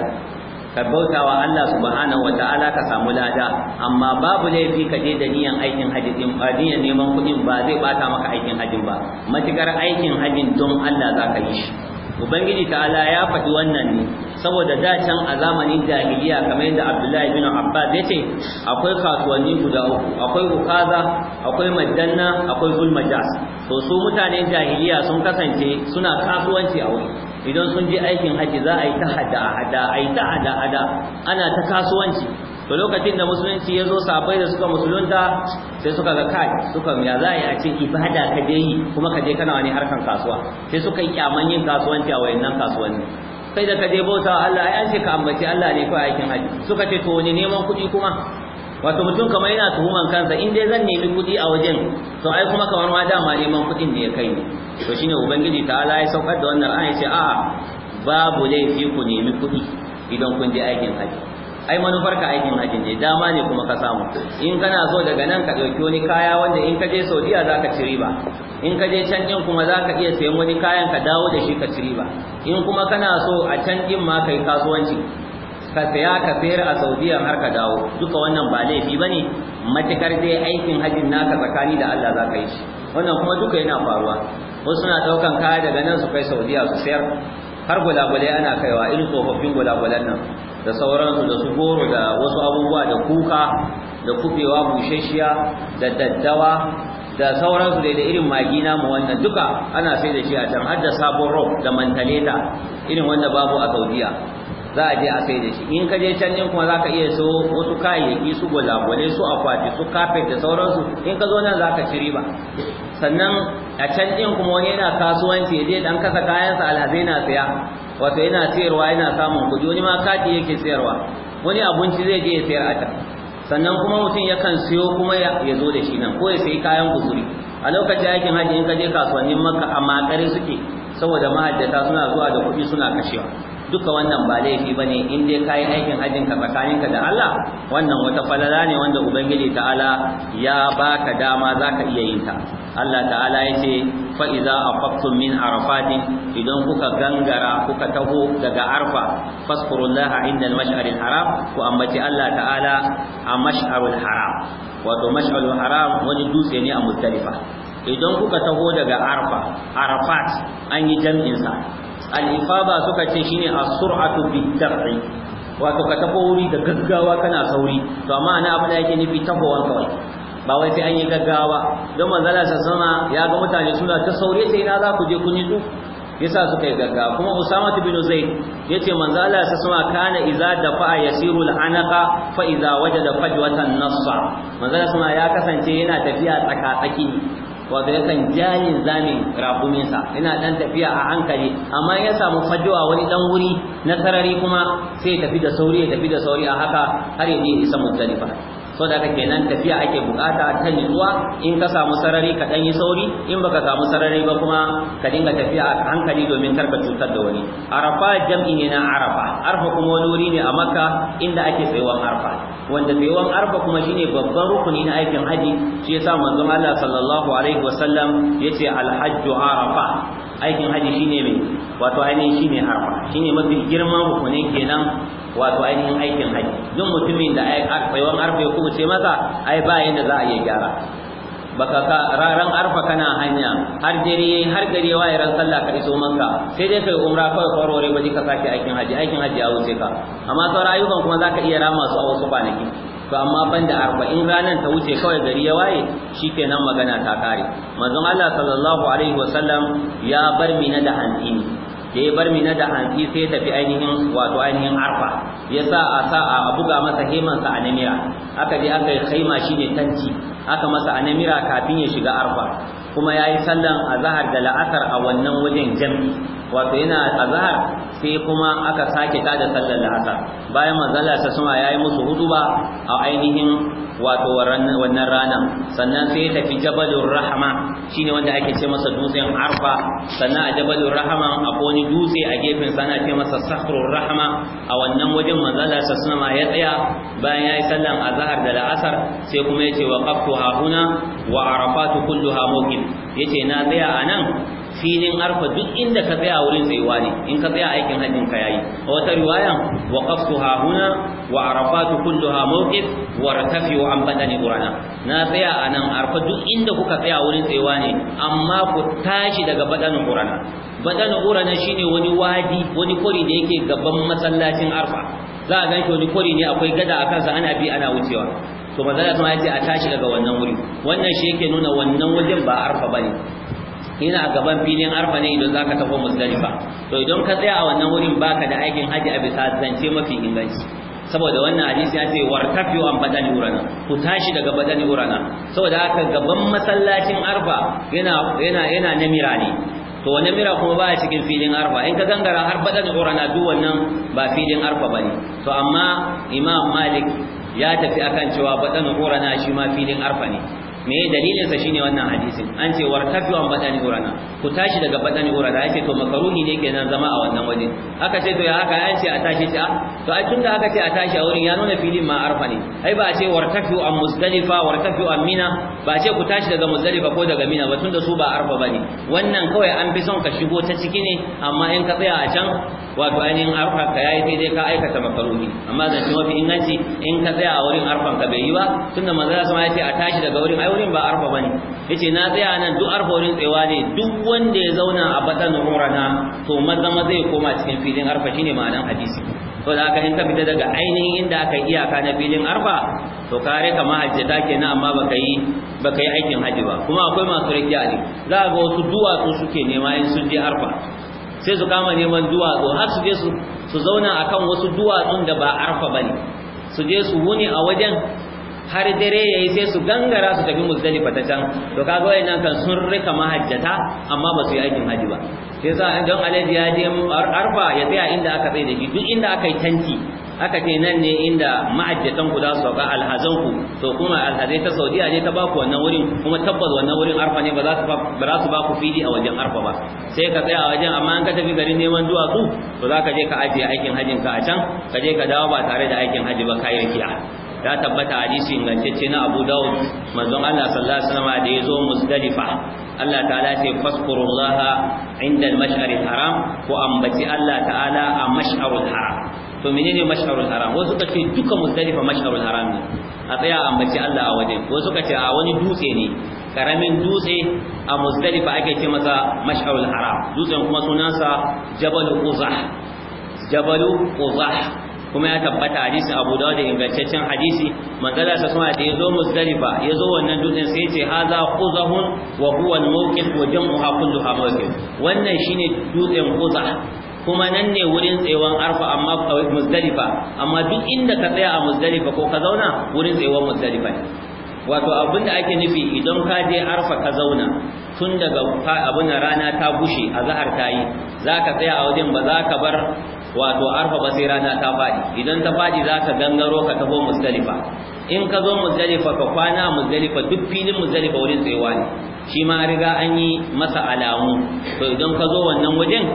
ka bauta wa Allah subhanahu wa ta'ala ka samu lada amma babu laifi ka je da niyan aikin haji din ba niyan neman kuɗin ba zai bata maka aikin hajin ba matukar aikin hajin don Allah za ka yi shi ubangiji ta'ala ya faɗi wannan ne saboda da can a zamanin jahiliya kamar yadda abdullahi bin abbas ya ce akwai kasuwanni guda uku akwai ukaza akwai majanna akwai zulmajas to su mutanen jahiliya sun kasance suna kasuwanci a wuri idan sun je aikin haji za a yi ta hada hada a yi ta hada hada ana ta kasuwanci to lokacin da musulunci ya zo sabai da suka musulunta sai suka ga kai suka ya za a ce ibada ka je yi kuma ka je kana wani harkan kasuwa sai suka yi kyaman yin kasuwanci a wayannan kasuwanni kai da ka je bauta Allah ai an ce ka ambaci Allah ne kawai aikin haji suka ce to wani neman kuɗi kuma wato mutum kamar yana tuhuman kansa in dai zan nemi kuɗi a wajen to ai kuma kamar ma dama neman kuɗin da ya kai ne to shine ubangiji ta Allah ya saukar da wannan ayan ce a'a babu laifi ku nemi kuɗi idan kun je aikin haji ai manufar ka aikin hajji ne dama ne kuma ka samu in kana so daga nan ka dauki wani kaya wanda in ka je Saudiya zaka ci riba in ka je can din kuma zaka iya sayan wani kayan ka dawo da shi ka ci riba in kuma kana so a can din ma kai kasuwanci ka saya ka sayar a Saudiya har ka dawo duka wannan ba laifi bane matakar dai aikin hajji naka tsakani da Allah zaka yi shi wannan kuma duka yana faruwa wasu suna daukan kaya daga nan su kai Saudiya su sayar har gulagulai ana kaiwa irin tsofaffin gulagulan nan da sauransu da su goro da wasu abubuwa da kuka da kufewa bushashiya da daddawa da sauransu da irin magina mu wannan duka ana sai da shi a can har da sabon rob da mantaleta irin wanda babu a saudiya za a je a sai da shi in ka je can din kuma za ka iya so wasu kayayyaki su gwalagwale su akwati su kafet da sauransu in ka zo nan za ka ci riba sannan a can din kuma wani yana kasuwanci ya je dan kasa kayansa alhazai na saya wato yana sayarwa yana samun kuɗi wani ma kati yake sayarwa wani abinci zai je ya sayar a sannan kuma mutum yakan siyo kuma ya zo da shi nan ko ya sayi kayan guzuri a lokacin aikin hajji in ka je kasuwannin makka a makare suke saboda mahajjata suna zuwa da kuɗi suna kashewa duka wannan ba laifi bane in dai yi aikin hajjin ka tsakaninka da Allah wannan wata falala ne wanda ubangiji ta'ala ya baka dama zaka iya yin ta Allah ta'ala ce, fa'iza a afaqtum min arafatin idan kuka gangara kuka taho daga arfa fasqurullaha inda al haram ku ambaci Allah ta'ala a mash'arul haram wato mash'arul haram wani dutse ne a mustalifa idan kuka taho daga arfa arafat an yi jam'insa sa al-ifada suka ce shine as-sur'atu bid-dar'i wato ka tafi wuri da gaggawa kana sauri to amma ana abin da yake nufi tafowan kawai ba wai sai an yi gaggawa don manzala sa sama ya ga mutane suna ta sauri sai ina za ku je kun yi su yasa suka yi gaggawa kuma usama bin zaid ce manzala sa sama kana idza dafa yasiru al-anaqa fa idza wajada fajwatan nassa manzala sama ya kasance yana tafiya tsaka tsaki wato yakan jayin zamin raƙuminsa yana ɗan tafiya a hankali amma ya samu fajewa wani ɗan wuri na sarari kuma sai tafi da sauri ya tafi da sauri a haka har ya je isa muzdalifa so da kenan tafiya ake bukata ta nutsuwa in ka samu sarari ka ɗan yi sauri in baka samu sarari ba kuma ka dinga tafiya a hankali domin karka cutar da wani arafa jam'i ne na arafa arfa kuma wani wuri ne a makka inda ake tsayuwar arfa wanda tsayuwan arba kuma shine babban rukuni na aikin haji shi yasa manzon Allah sallallahu alaihi wasallam yace alhajju arafa aikin haji shine me wato ainihin shine arfa shine mafi girman rukuni kenan wato ainihin aikin haji duk mutumin da ai tsayuwan arba ya kuma ce masa ai ba yanda za a yi gyara baka ka raran arfa kana hanya har dare har gari waye ran sallah ka iso manka sai dai kai umra kawai kwarore ba ka sake aikin haji aikin haji ya wuce ka amma sauran ayyukan kuma zaka iya rama su a wasu kwanaki to amma banda arba'in ranar ta wuce kawai gari ya waye shikenan magana ta kare manzon Allah sallallahu alaihi wasallam ya bar mina da hantini da ya bar mina da hantsi sai tafi ainihin wato ainihin arfa ya sa a sa a buga masa hemansa a namira aka je aka yi haima ne tanti aka masa a namira kafin ya shiga arfa kuma ya yi sallan azahar da la'asar a wannan wajen jam'i wato yana azahar sai kuma aka sake tada sallar la'asar bayan manzala ta suma yayi musu huduba a ainihin wato wannan ranar sannan sai ya tafi jabalur rahama shine wanda ake ce masa dutsen arfa sannan a jabalur rahma akwai wani dutse a gefen sana ce masa sahrur rahama a wannan wajen manzala ta suma ya tsaya bayan yayi sallan azhar da la'asar sai kuma yace waqaftu hahuna wa arafatu kulluha mawqif yace na tsaya anan filin arfa duk inda ka tsaya wurin tsayuwa ne in ka tsaya aikin hajjin ka yayi a wata riwaya waqaftuha huna wa arafatu kulluha mawqif wa ratafi wa an badani qurana na tsaya anan arfa duk inda kuka tsaya wurin tsayuwa ne amma ku tashi daga badani qurana badani qurana shine wani wadi wani kori da yake gaban masallacin arfa za a ganshi wani kori ne akwai gada a kansa ana bi ana wucewa to manzala ya ce a tashi daga wannan wuri wannan shi yake nuna wannan wajen ba arfa bane yana gaban filin arfa ne idan zaka tafi musdalifa to idan ka tsaya a wannan wurin baka da aikin haji a bisa zance mafi inganci saboda wannan hadisi ya ce wartafi an badani urana ku tashi daga badani urana saboda haka gaban masallacin arfa yana yana yana namira ne to wannan mira kuma ba cikin filin arfa in ka gangara har badani urana duk wannan ba filin arfa bane to amma imam malik ya tafi akan cewa badani urana shi ma filin arfa ne me dalilin sa shine wannan hadisin an ce warkatu an badani urana ku tashi daga badani urana yace to makaruni ne kenan zama a wannan waje aka ce to ya haka an ce a tashi ce to ai tunda aka ce a tashi a wurin ya nuna filin ma arfa ne ai ba a ce warkatu an muzdalifa warkatu an mina ba a ce ku tashi daga muzdalifa ko daga mina ba tunda su ba arfa bane wannan kawai an fi son ka shigo ta ciki ne amma in ka tsaya a can wato ainihin arfa ka yayi sai dai ka aikata makaruni amma zan ce mafi inganci in ka tsaya a wurin arfan ka bai yi ba tunda manzo Allah ya ce a tashi daga wurin ai wurin ba arfa bane yace na tsaya nan duk arfa wurin tsayawa ne duk wanda ya zauna a batan umrana to maza maza koma cikin filin arfa shine ma'anan hadisi to da aka hinta fita daga ainihin inda aka iyaka na filin arfa to kare ka mahajjata kenan amma baka yi baka yi aikin haji ba kuma akwai masu rikiya ne za ga wasu duwatsu suke nema in sun je arfa sai su kama neman duwatsu har su je su su zauna akan wasu duwatsun da ba arfa bane su je su wuni a wajen har dare yayi sai su gangara su tafi muzdalifa ta can to kaga wayannan kan sun rika mahajjata amma ba su yi aikin haji ba sai sa don alaji ya je arba ya tsaya inda aka tsaye da shi duk inda aka yi tanti aka ce nan ne inda ma'ajjatan ku za su ga alhazan ku to kuma alhazai ta saudiya ne ta ba ku wannan wurin kuma tabbas wannan wurin arfa ne ba za su ba ku fili a wajen arfa ba sai ka tsaya a wajen amma an ka tafi garin neman duwatsu to za ka je ka ajiye aikin hajin ka a can ka je ka dawo ba tare da aikin haji ba kayi rakiya ya tabbata hadisi ingantacce na Abu Dawud manzon Allah sallallahu alaihi wasallam da yazo Muzdalifa Allah ta'ala ce fasqurullaha inda al-mash'aril haram ko ambaci Allah ta'ala a mash'arul haram to menene mash'arul haram wasu suka duka Muzdalifa mash'arul haram ne a tsaya ambaci Allah a waje. wasu kace a wani dutse ne karamin dutse a Muzdalifa ake ce masa mash'arul haram dutsen kuma sunansa Jabal Uzah Jabal Uzah kuma ya tabbata hadisi Abu da ingantaccen hadisi manzala sa kuma da yazo ya zo wannan dutsen sai ce haza quzahun wa huwa al-mawqif wa jam'uha kulluha mawqif wannan shine dutsen quzah kuma nan ne wurin tsayuwan arfa amma Muzdalifa amma duk inda ka tsaya a Muzdalifa ko ka zauna wurin tsayuwan Muzdalifa wato abin da ake nufi idan ka je arfa ka zauna tun daga abin rana ta bushe a zahar ta yi za ka tsaya a wajen ba za ka bar wato arfa ba sai rana ta faɗi, idan ta faɗi za ka gangaro ka taho musdalifa in ka zo musdalifa ka kwana musdalifa duk filin musdalifa wurin tsayuwa ne shi ma riga an yi masa alamu to idan ka zo wannan wajen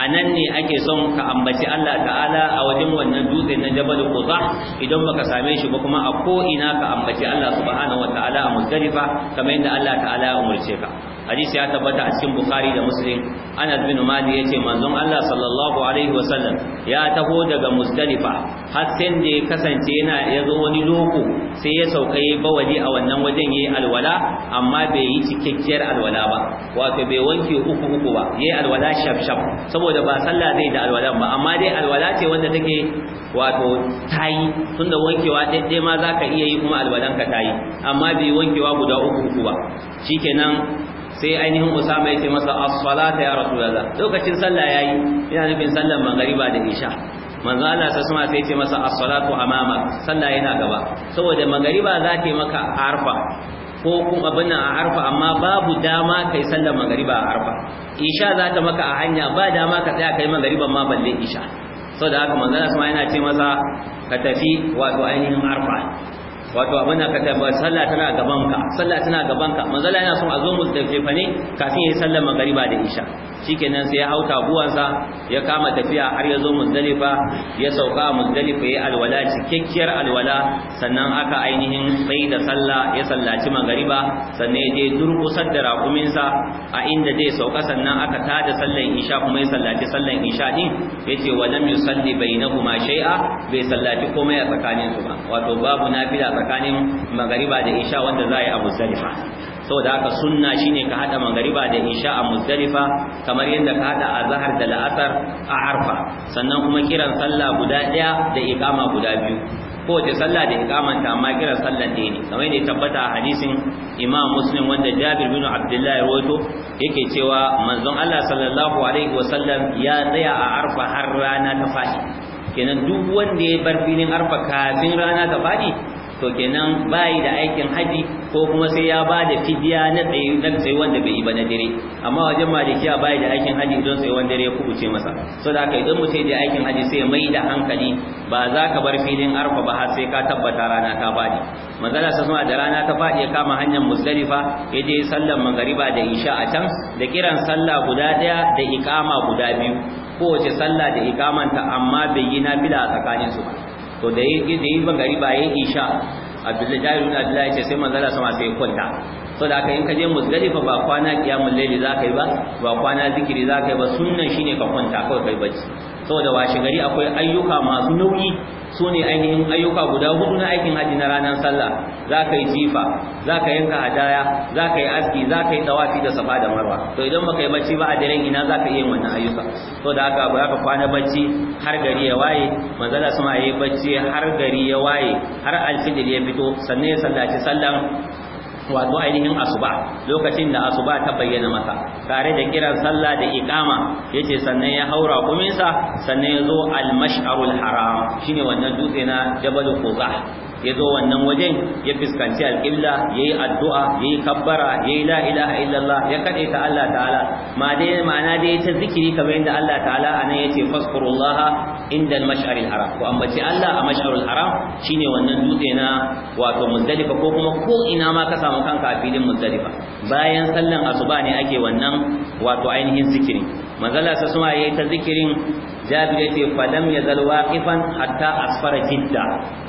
a nan ne ake son ka ambaci Allah ta'ala a wajen wannan dutse na jabal quza idan baka same shi ba kuma a ko ina ka ambaci Allah subhanahu wa ta'ala a musdalifa kamar yadda Allah ta'ala ya umurce ka hadisi ya tabbata a cikin bukhari da muslim anas bin ya ce, manzon Allah sallallahu alaihi wasallam ya taho daga muzdalifa har sai da ya kasance yana ya zo wani loko sai ya sauka yi bawali a wannan wajen ya yi alwala amma bai yi cikakkiyar alwala ba wato bai wanke uku uku ba ya yi alwala shaf shaf saboda ba sallah zai da alwalan ba amma dai alwala ce wanda take wato tayi tunda wankewa daidai ma za ka iya yi kuma alwalan ka tayi amma bai wankewa guda uku uku ba shikenan sai ainihin usama ya ce masa as-salata ya rasulullah lokacin sallah yayi ina nufin sallan magriba da isha manzo Allah ta suma sai ce masa as-salatu amama sallah yana gaba saboda magariba za ta yi maka arfa ko kuma abin a arfa amma babu dama kai sallar magariba a arfa isha za ta maka a hanya ba dama ka tsaya kai magariban ma balle isha saboda haka manzo Allah ya yana ce masa ka tafi wato ainihin arfa wato abin da ka tabbata sallah tana gaban ka sallah tana gaban ka manzala yana son a zo mu da jefa ne kafin ya sallar magariba da isha shikenan sai ya hau taguwansa ya kama tafiya har ya zo muzdalifa ya sauka muzdalifa ya alwala cikakkiyar alwala sannan aka ainihin tsayi da sallah ya sallaci magariba sannan ya je durkusar da raƙuminsa a inda zai sauka sannan aka tada sallan isha kuma ya sallaci sallan isha din yace wa lam yusalli bainahuma shay'a bai sallaci komai a tsakanin su ba wato babu nafila tsakanin magariba da isha wanda za a yi a muzdalifa saboda haka sunna shine ka hada magariba da isha a muzdalifa kamar yadda ka hada azhar da la'asar a arfa sannan kuma kiran sallah guda daya da iqama guda biyu kowace sallah da iqamanta amma kiran sallan ɗaya ne kamar yadda tabbata a hadisin imam muslim wanda jabir bin abdullah ya rawaito yake cewa manzon Allah sallallahu alaihi wasallam ya tsaya a arfa har rana ta fadi kenan duk wanda ya bar filin arfa kafin rana ta fadi to kenan bayi da aikin haji ko kuma sai ya ba da fidiya na tsaye wanda bai yi ba na dare amma wajen malikiya bayi da aikin haji don sai wanda dare ya kubuce masa so da haka idan sai da aikin haji sai mai da hankali ba za ka bar filin arfa ba har sai ka tabbata rana ta fadi magana sa da rana ta fadi ya kama hanyar musdalifa ya je sallar magariba da isha a can da kiran sallah guda daya da ikama guda biyu kowace sallah da iqamanta amma bai yi nafila a tsakaninsu ba to da yi da magariba yayin isha abdullahi ibn abdullahi ce sai manzala sama sai kwanta so da aka in ka je musdalifa ba kwana kiyamul laili za ka yi ba ba kwana zikiri za ka yi ba sunnan shine ka kwanta kawai kai bacci saboda washe gari akwai ayyuka masu nauyi su ne ainihin ayyuka guda hudu na aikin haji na ranar sallah za ka yi jifa za ka yanka hadaya za ka yi aski za ka yi tawafi da safa da marwa to idan baka yi bacci ba a daren ina za ka iya wannan ayyuka so da haka ba ka kwana bacci har gari ya waye manzala sama yi bacci har gari ya waye har alfijir ya fito sannan ya sallaci sallan wato ainihin asuba lokacin da asuba ta bayyana masa tare da kiran sallah da iqama yace sannan ya haura kuminsa sannan ya zo al-mash'arul haram shine wannan dutse na jabalul qudah ya zo wannan wajen ya fuskanci alƙibla ya yi addu'a ya yi kabbara ya yi la'ilaha illallah ya kaɗe ta Allah ta'ala ma dai ma'ana dai ta zikiri kamar yadda Allah ta'ala anan yace, ya faskurullaha inda al-mash'ar al-haram ko ambaci Allah a mash'ar al-haram shine wannan dutse na wato muzdalifa ko kuma ko ina ma ka samu kanka a filin muzdalifa bayan sallan asuba ne ake wannan wato ainihin zikiri manzala sa suma yayi ta zikirin jabir yace falam yazal waqifan hatta asfara jidda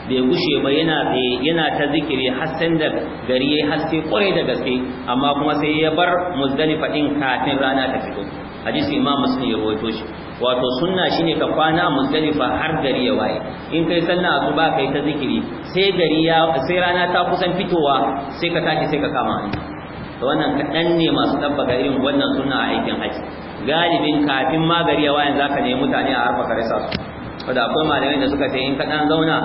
bai gushe ba yana yana ta zikiri har sai da gari yayi haske kwarai da gaske amma kuma sai ya bar muzdalifa din kafin rana ta fito hadisi imam muslim ya rawaito shi wato sunna shine ka kwana a muzdalifa har gari ya waye in kai sallah asuba kai ta zikiri sai gari ya sai rana ta kusan fitowa sai ka tashi sai ka kama hanya to wannan kadan ne masu tabbaka irin wannan sunna a aikin haji galibin kafin ma gari ya waye zaka nemi mutane a harfa ka rasa su to da akwai malamai da suka ce in ka dan zauna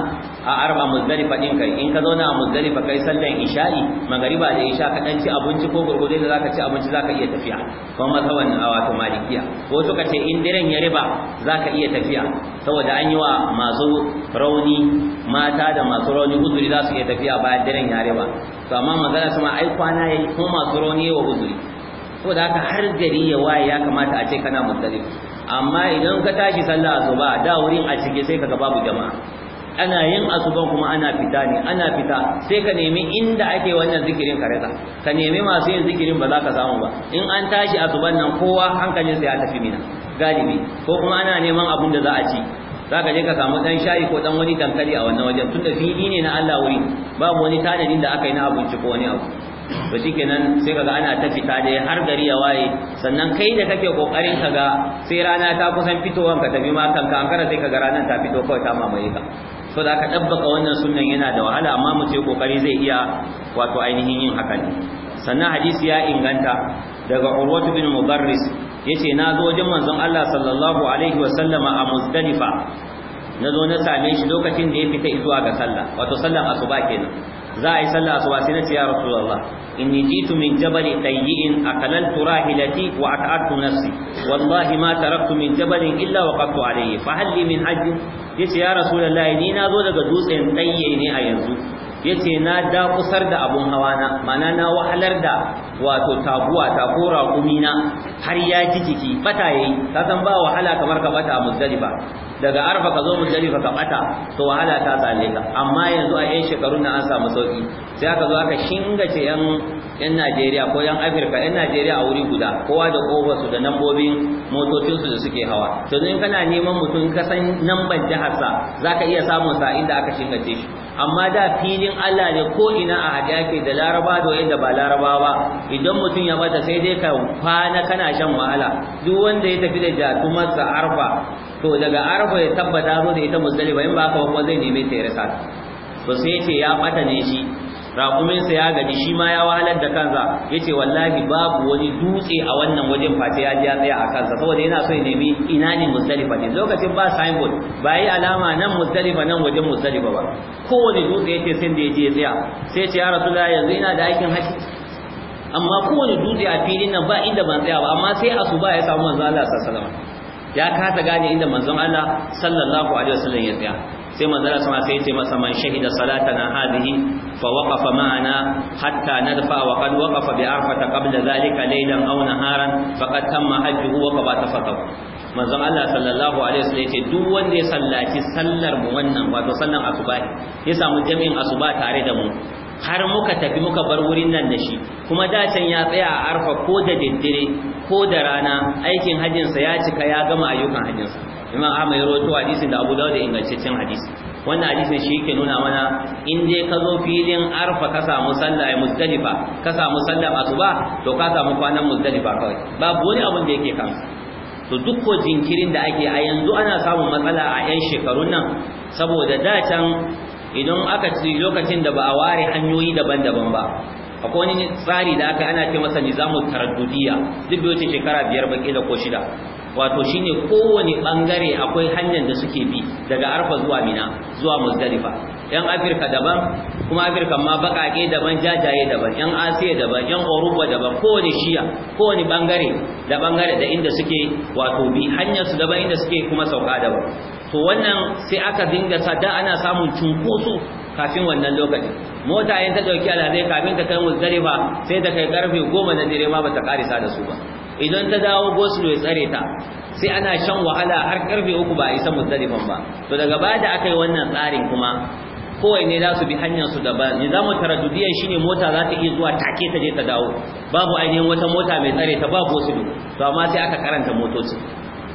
a arba muzdalifa din kai in ka zauna a muzdalifa kai sallan isha'i magariba da isha ka dan ci abinci ko gurgure da zaka ci abinci zaka iya tafiya Ko mazhaban a wato malikiya ko suka ce in diren ya riba zaka iya tafiya saboda an yi wa masu rauni mata da masu rauni uzuri za su iya tafiya bayan diren ya riba to amma magana kuma ai kwana yayi ko masu rauni wa uzuri saboda haka har gari ya waye ya kamata a ce kana muzdalifa amma idan ka tashi sallah asuba da wurin a cike sai kaga babu jama'a ana yin asuban kuma ana fita ne ana fita sai ka nemi inda ake wannan zikirin ka rasa ka nemi masu yin zikirin ba za ka samu ba in an tashi asuban nan kowa hankalin hankalinsa ya tafi mina galibi ko kuma ana neman abin da za a ci za ka je ka samu dan shayi ko dan wani dankali a wannan wajen tunda fili ne na Allah wuri babu wani tanadin da aka yi na abinci ko wani abu to shikenan sai kaga ana ta fita da har gari ya waye sannan kai da kake kokarin ka ga sai rana ta kusan fitowan ka tafi ma kanka an sai kaga ranar ta fito kawai ta mamaye ka so da ka dabbaka wannan sunnan yana da wahala amma mu ce kokari zai iya wato ainihin yin hakan. sannan hadisi ya inganta daga Urwatu bin Mudarris yace na zo wajen manzon Allah sallallahu alaihi wa sallama a Muzdalifa na zo na same shi lokacin da ya fita zuwa ga sallah wato sallan asuba kenan za a yi sallah asuba sai na ce ya rasulullah inni jitu min jabali tayyin akalaltu rahilati wa at'atu nafsi wallahi ma taraktu min jabalin illa waqaftu alayhi fa hal li min Ya yace ya rasulullah ni na zo daga dutsen ɗayye ne a yanzu yace na da kusar da abun hawa na mana na wahalar da wato tabuwa ta kora na, har ya ji jiki bata yayi ka san ba wahala kamar ka bata a muzdalifa daga arfa ka zo muzdalifa ka bata to wahala ta same ka amma yanzu a yan shekarun nan an samu sauki sai aka zo aka shingace yan yan Najeriya ko yan Afirka yan Najeriya a wuri guda kowa da su da nambobin motocinsu da suke hawa to in kana neman mutum ka san nambar jahar sa zaka iya samun sa inda aka shingace shi amma da filin Allah ne ko ina a hada ke da laraba da wanda ba laraba ba idan mutum ya mata sai dai ka kwana kana shan wahala duk wanda ya tafi da jatumarsa arfa to daga arfa ya tabbata zo da ita muzdalifa in ba haka ba zai neme ta ya rasa to sai ya ce ya bata ne shi raƙuminsa ya gaji shi ma ya wahalar da kansa yace wallahi babu wani dutse a wannan wajen face ya ji ya tsaya a kansa saboda yana so ya nemi ina ne muzdalifa ne lokacin ba signboard ba yi alama nan muzdalifa nan wajen muzdalifa ba kowane dutse yace sai da ya je tsaya sai ya ce ya rasulullahi yanzu ina da aikin haji amma kowane dutse a filin nan ba inda ban tsaya ba amma sai asuba ya samu manzo Allah sallallahu alaihi wasallam ya kasa gane inda manzon Allah sallallahu alaihi wasallam ya tsaya sai manzala sama sai ce masa man shahida salatana hadhihi fa waqafa ma'ana hatta nadfa wa qad waqafa bi arfata qabla zalika laylan aw naharan faqad tamma hajjuhu wa qad tafaqahu manzon Allah sallallahu alaihi wasallam yace duk wanda ya sallaci sallar mu wannan wato sallan asuba ya samu jami'in asuba tare da mu har muka tafi muka bar wurin nan da shi kuma dacen ya tsaya a arfa ko da daddare ko da rana aikin hajjinsa ya cika ya gama ayyukan hajjinsa imam ahmad ya rawaito hadisin da abu dawud da ingantaccen hadisi wannan hadisin shi yake nuna mana in dai ka zo filin arfa ka samu sallah ya muzdalifa ka samu sallah ba, to ka samu kwanan muzdalifa kawai babu wani abun da yake kansa to duk ko jinkirin da ake a yanzu ana samun matsala a yan shekarun nan saboda da can idan aka ci lokacin da ba a ware hanyoyi daban-daban ba akwai wani tsari da aka ana ce masa nizamu taraddudiyya duk bai wuce shekara biyar ba da ko shida wato shine kowane bangare akwai hanyar da suke bi daga arfa zuwa mina zuwa muzdalifa yan afirka daban kuma afirka ma bakake daban jajaye daban yan asiya daban yan oruba daban kowane shiya kowane bangare da bangare da inda suke wato bi hanyar su daban inda suke kuma sauka daban to wannan sai aka dinga sada ana samun cunkoso kafin wannan lokacin mota yayin ta dauki alhazai kafin ta kai muzdalifa sai ta kai karfe goma na dare ma bata karisa da su ba idan ta dawo gosulo ya tsare ta sai ana shan wahala har karfe uku ba a isa muzdalifan ba to daga baya da aka yi wannan tsarin kuma kowai ne za su bi hanyar su daban nizamu taraddudiyya shine mota za ta iya zuwa take ta je ta dawo babu ainihin wata mota mai tsare ta babu wasu to amma sai aka karanta motoci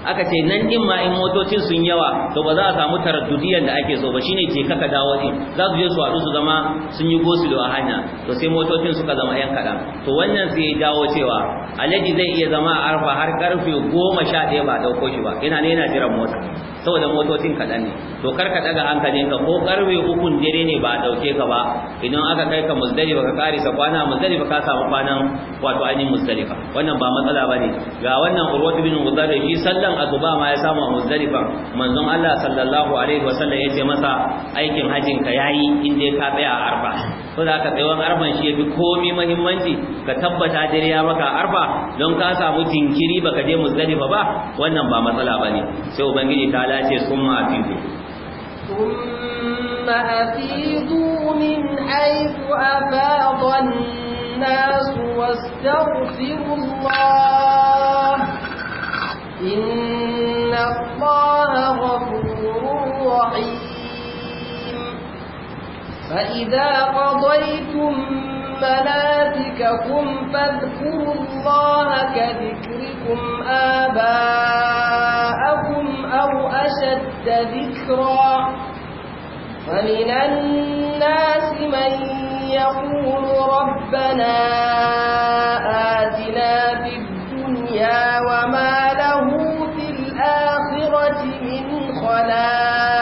aka ce nan din ma in motocin sun yawa to ba za a samu taraddudiyan da ake so ba shine ce kaka dawo din za su je su haɗu su zama sun yi gosulo a hanya to sai motocin suka zama yan kaɗan to wannan sai ya dawo cewa alaji zai iya zama a arfa har karfe goma sha ɗaya ba ɗauko shi ba yana ne yana jiran mota saboda motocin kaɗan ne to kar ka ɗaga ka, ko karfe hukun dare ne ba a ɗauke ka ba idan aka kai ka ba ka karisa kwana ba ka samu kwanan wato ainihin ba wannan ba matsala ba ne ga wannan urwat bin muzdalifa shi sallan azuba ma ya samu a ba manzon Allah sallallahu alaihi wasallam ya ce masa aikin hajin ka yayi in dai ka tsaya a arfa so da ka tsawon arfan shi ya fi komi mahimmanci ka tabbata dare ya maka arfa don ka samu jinkiri ka je muzdalifa ba wannan ba matsala ba ne sai ubangiji ta lace sun ma afidu ثم إن الله غفور رحيم فإذا قضيتم مناسككم فاذكروا الله كذكركم آباءكم أو أشد ذكرا فمن الناس من يقول ربنا آتنا في الدنيا وما له في الآخرة من خلاق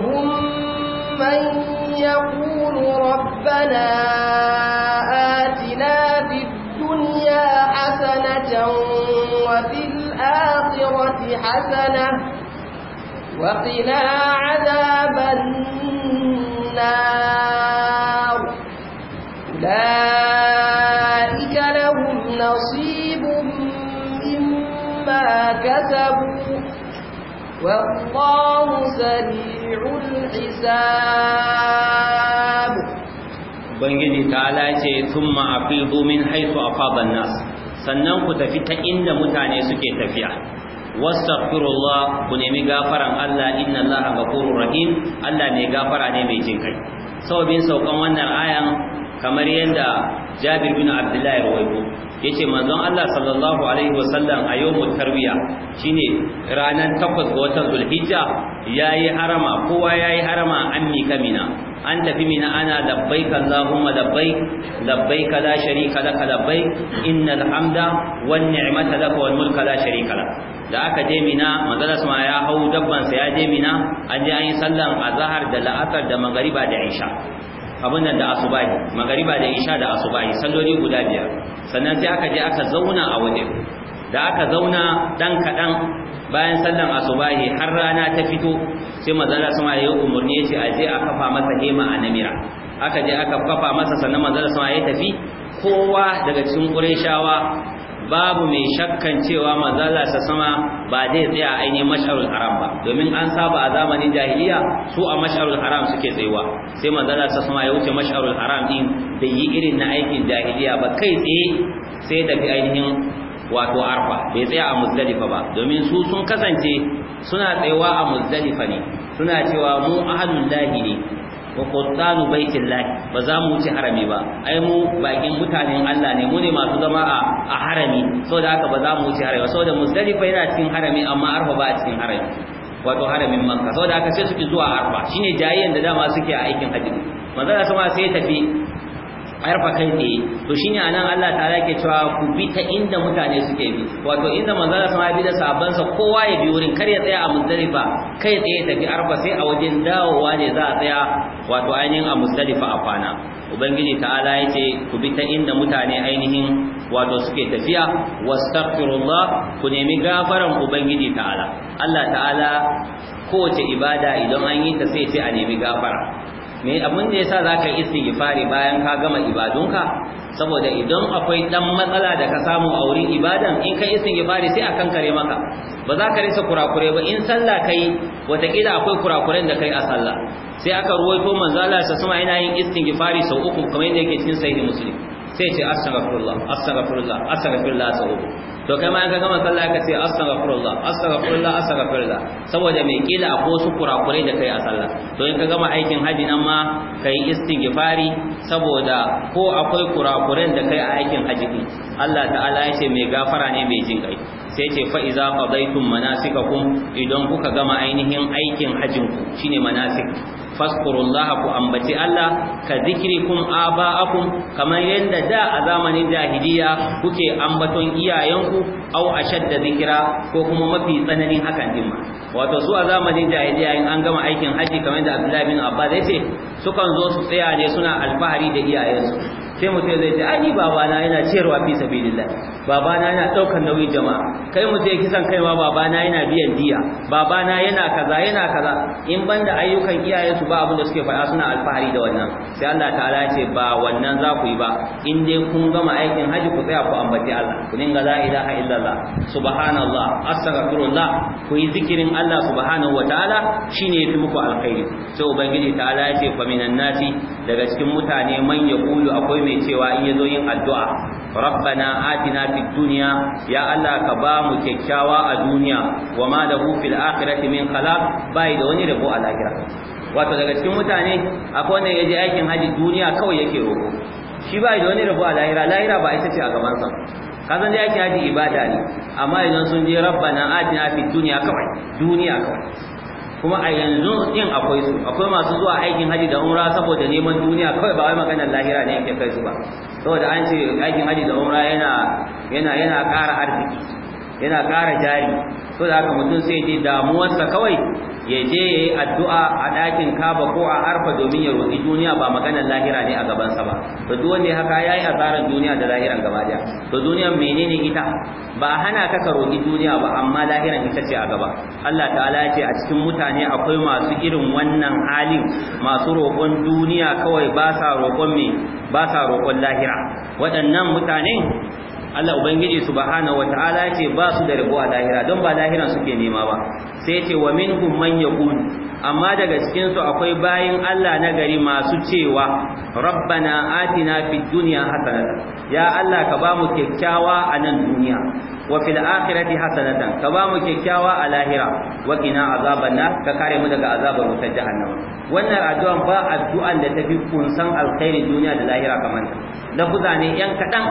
ومنهم من يقول ربنا آتنا في الدنيا حسنة وفي الآخرة حسنة وقنا عذاب النار أولئك لهم نصيب مما كسبوا والله سريع الحساب ubangiji ta lace thumma domin min a afada nas sannan ku tafi ta inda mutane suke tafiya wastaghfirullah ku nemi gafaran Allah inna Allah ghafurur rahim Allah ne gafara ne mai jin kai sababin saukan wannan ayan kamar yadda Jabir bin Abdullah ya yace manzon Allah sallallahu alaihi wasallam a yawmut tarwiya shine ranar takwas ga watan zulhijja yayi harama kowa yayi harama an mika mina an tafi mina ana labbaik allahumma labbaik labbaik la sharika laka labbaik innal hamda wan ni'mata laka wal mulka la sharika lak da aka je mina manzala sama ya hau dabban sa ya je mina an je an yi sallan azhar da la'asar da magariba da isha abin nan da asubahi magariba da isha da asubahi salloli guda biyar sannan sai aka je aka zauna a waje. da aka zauna dan kadan bayan sallan asubahi har rana ta fito sai Manzara sama ya umurni ya ce a je a kafa masa hema a namira aka je aka kafa masa sannan Manzara sama ya tafi kowa daga cikin qurayshawa babu mai shakkan cewa Allah ta sama ba zai tsaya a ainihin mash'arul haram ba domin an saba a zamanin jahiliya su a mash'arul haram suke tsayuwa sai Allah ta sama ya wuce mash'arul haram din bai yi irin na aikin jahiliya ba kai tsaye sai da ainihin wato arfa bai tsaya a muzdalifa ba domin su sun kasance suna tsayuwa a muzdalifa ne suna cewa mu ahlul lahi ne wa quttanu baitillah ba za mu wuce harami ba ai mu bakin mutanen Allah ne mu ne masu zama a a harami saboda haka ba za mu wuce harami ba saboda muzdalifa yana cikin harami amma arfa ba a cikin harami wato haramin makka saboda haka sai suke zuwa arfa shine jayyan da dama suke a aikin hajji manzon sama sai tafi a kai tsaye to shine anan Allah ta'ala rake cewa ku bi ta inda mutane suke bi wato inda manzon sama bi da sahabban kowa ya bi wurin kar ya tsaya a muzdalifa kai tsaye tafi arfa sai a wajen dawowa ne za a tsaya wato ainihin a muzdalifa a kwana ubangiji ta'ala yace ku bi ta inda mutane ainihin wato suke tafiya wastaghfirullah ku nemi gafaran ubangiji ta'ala Allah ta'ala kowace ibada idan an yi ta sai sai a nemi gafara me abin da yasa zaka yi istighfari bayan ka gama ibadunka saboda idan akwai dan matsala da ka samu a wurin ibadan in ka istighfari sai akan kare maka ba za ka rasa kurakure ba in sallah kai kila akwai kurakuren da kai a sallah sai aka ruwaito manzo Allah sa sama ina yin istighfari sau uku kamar yadda yake cikin sahihi muslim sai ce astaghfirullah astaghfirullah astaghfirullah sau uku to kai ma in ka gama sallah ka ce astaghfirullah astaghfirullah astaghfirullah saboda mai kila a ko su kurakurai da kai a sallah to in ka gama aikin haji nan ma kai istighfari saboda ko akwai kurakuran da kai a aikin haji Allah ta'ala ya ce mai gafara ne mai jin kai sai ce fa iza qadaytum manasikakum idan kuka gama ainihin aikin hajjin ku shine manasik fasqurullaha ku ambaci Allah ka zikrikum aba'akum kamar yadda da a zamanin jahiliya kuke ambaton iyayenku au ashadda zikira ko kuma mafi tsananin hakan din ma wato su a zamanin jahiliya in an gama aikin haji kamar yanda Abdullahi bin Abbas yace sukan zo su tsaya ne suna alfahari da iyayensu sai mutum zai ce ai babana yana ciyarwa fi sabilillah babana yana daukar nauyin jama'a kai mutum ya kisan kaiwa babana yana biyan diya babana yana kaza yana kaza in banda ayyukan iyaye su ba abin da suke faɗa suna alfahari da wannan sai Allah ta'ala ya ce ba wannan za ku yi ba in dai kun gama aikin haji ku tsaya ku ambaci Allah ku dinga la ilaha illallah subhanallah astaghfirullah ku yi zikirin Allah subhanahu wataala shine yafi muku alkhairi sai ubangiji ta'ala ya ce fa minan nasi daga cikin mutane man yaqulu akwai mai cewa in yazo yin addu'a rabbana atina fid dunya ya allah ka ba mu kyakkyawa a duniya wa ma lahu fil akhirati min khalaq bai da wani rabo a lahira wato daga cikin mutane akwai wanda yaje aikin haji duniya kawai yake roƙo, shi bai da wani rabo a lahira lahira ba ita ce a gaban sa kazan da yake haji ibada ne amma idan sun je rabbana atina fid dunya kawai duniya kawai kuma a yanzu din akwai su akwai masu zuwa aikin haji da umra saboda neman duniya kawai ba wai maganar lahira ne yake kai su ba saboda an ce aikin haji da umra yana yana yana ƙara arziki yana ƙara jari saboda haka mutum sai ji damuwarsa kawai ya je ya yi addu'a a ɗakin kaba ko a harfa domin ya roƙi duniya ba maganar lahira ne a gabansa ba to duk wanda haka ya yi asarar duniya da lahiran gaba daya to duniyar menene ita ba hana ka ka roƙi duniya ba amma lahiran ita ce a gaba Allah ta'ala ya ce a cikin mutane akwai masu irin wannan halin masu roƙon duniya kawai ba sa roƙon me ba sa roƙon lahira waɗannan mutane Allah ubangiji subhanahu wataala yace ba su da rabo a lahira don ba lahiran suke nema ba sai yace wa minhum man yaqul amma daga cikin su akwai bayin Allah na gari masu cewa rabbana atina fid dunya hasanatan ya Allah ka bamu kyakkyawa a nan duniya wa fil akhirati hasanatan ka bamu kyakkyawa a lahira wa qina azaban na, ka kare mu daga azabar wutar jahannama wannan addu'an ba addu'an da tafi kunsan alkhairi duniya da lahira kamar ta lafuza ne yan kaɗan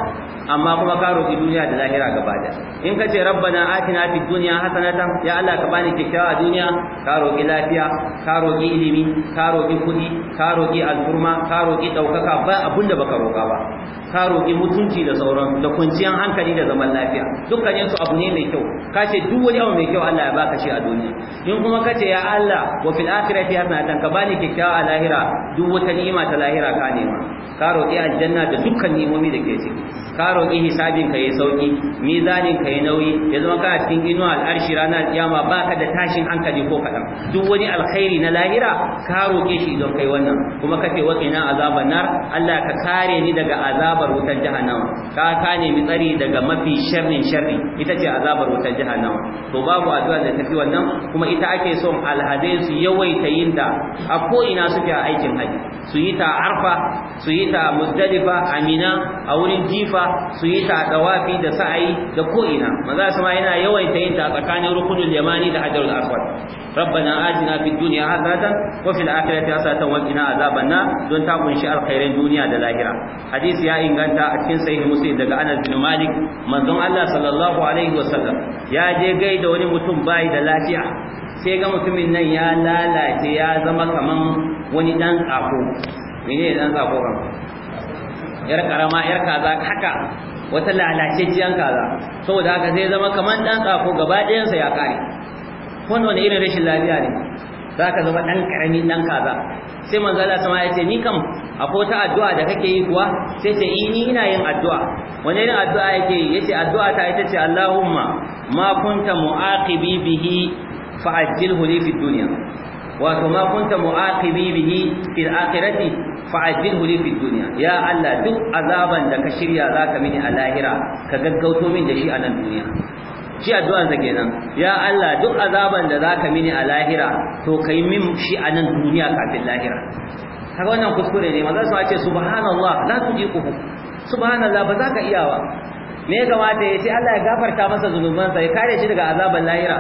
amma kuma ka roƙi duniya da lahira gaba da in ka ce rabbana atina fid dunya hasanatan ya Allah ka bani kyakkyawa duniya ka roƙi lafiya ka roƙi ilimi ka roƙi kuɗi ka roƙi alfurma ka roƙi ɗaukaka ba abin da baka roƙa ba ka roƙi mutunci da sauran da kwanciyar hankali da zaman lafiya dukkanin su abu ne mai kyau ka ce duk wani abu mai kyau Allah ya baka shi a duniya in kuma ka ce ya Allah wa fil akhirati hasanatan ka bani ne kyakkyawa a lahira duk wata ni'ima ta lahira ka nema ka roƙi aljanna da dukkan ni'imomi da ke ciki ka roƙi hisabin ka yi sauki mizanin ka nauyi ya zama kana cikin inuwa al'arshi ranar kiyama baka da tashin hankali ko kaɗan duk wani alkhairi na lahira ka roƙe shi don kai wannan kuma ka ce waƙina azabar nar Allah ka kare ni daga azabar wutar jahannama ka ka nemi tsari daga mafi sharrin sharri ita ce azabar wutar jahannama to babu addu'a da tafi wannan kuma ita ake son alhadai su yawaita yin da a ko'ina suke a aikin haji su yi ta arfa su yi ta muzdalifa amina a wurin jifa su yi ta dawafi da sa'ayi da ko'ina maza su ma yana yawaita yin ta tsakanin rukunin yamani da hajarul fi duniya آتنا في الدنيا حسنة وفي الآخرة حسنة وقنا عذاب don ta تكون شيء duniya da lahira. حديث ya inganta a cikin صحيح مسلم daga Anas bin Malik manzon Allah sallallahu alaihi wasallam ya je gaida wani mutum bai da lafiya sai ga mutumin nan ya lalace ya zama kaman wani dan tsako mene ne dan tsako kan yar karama yar kaza haka wata lalacecciyan kaza saboda haka sai zama kaman dan tsako gaba ɗayan sa ya kare wannan wani irin rashin lafiya ne zaka zama dan karamin dan kaza sai manzo Allah sama ya ce ni kam akwai ta addu'a da kake yi kuwa sai ce eh ni ina yin addu'a wani irin addu'a yake yi yace addu'a ta ita ce Allahumma ma kunta mu'aqibi bihi fa ajilhu li fi dunya wato ma kunta mu'aqibi bihi fil akhirati fa ajilhu li fi dunya ya Allah duk azaban da ka shirya zaka mini a lahira ka gaggauto min da shi a nan duniya shi addu'an sa kenan ya Allah duk azaban da zaka mini a lahira to kai min shi a nan duniya kafin lahira kaga wannan kuskure ne maza su ce subhanallah la tujiquhu subhanallah ba za ka iya ba me ya kamata ya ce Allah ya gafarta masa zunubansa ya kare shi daga azaban lahira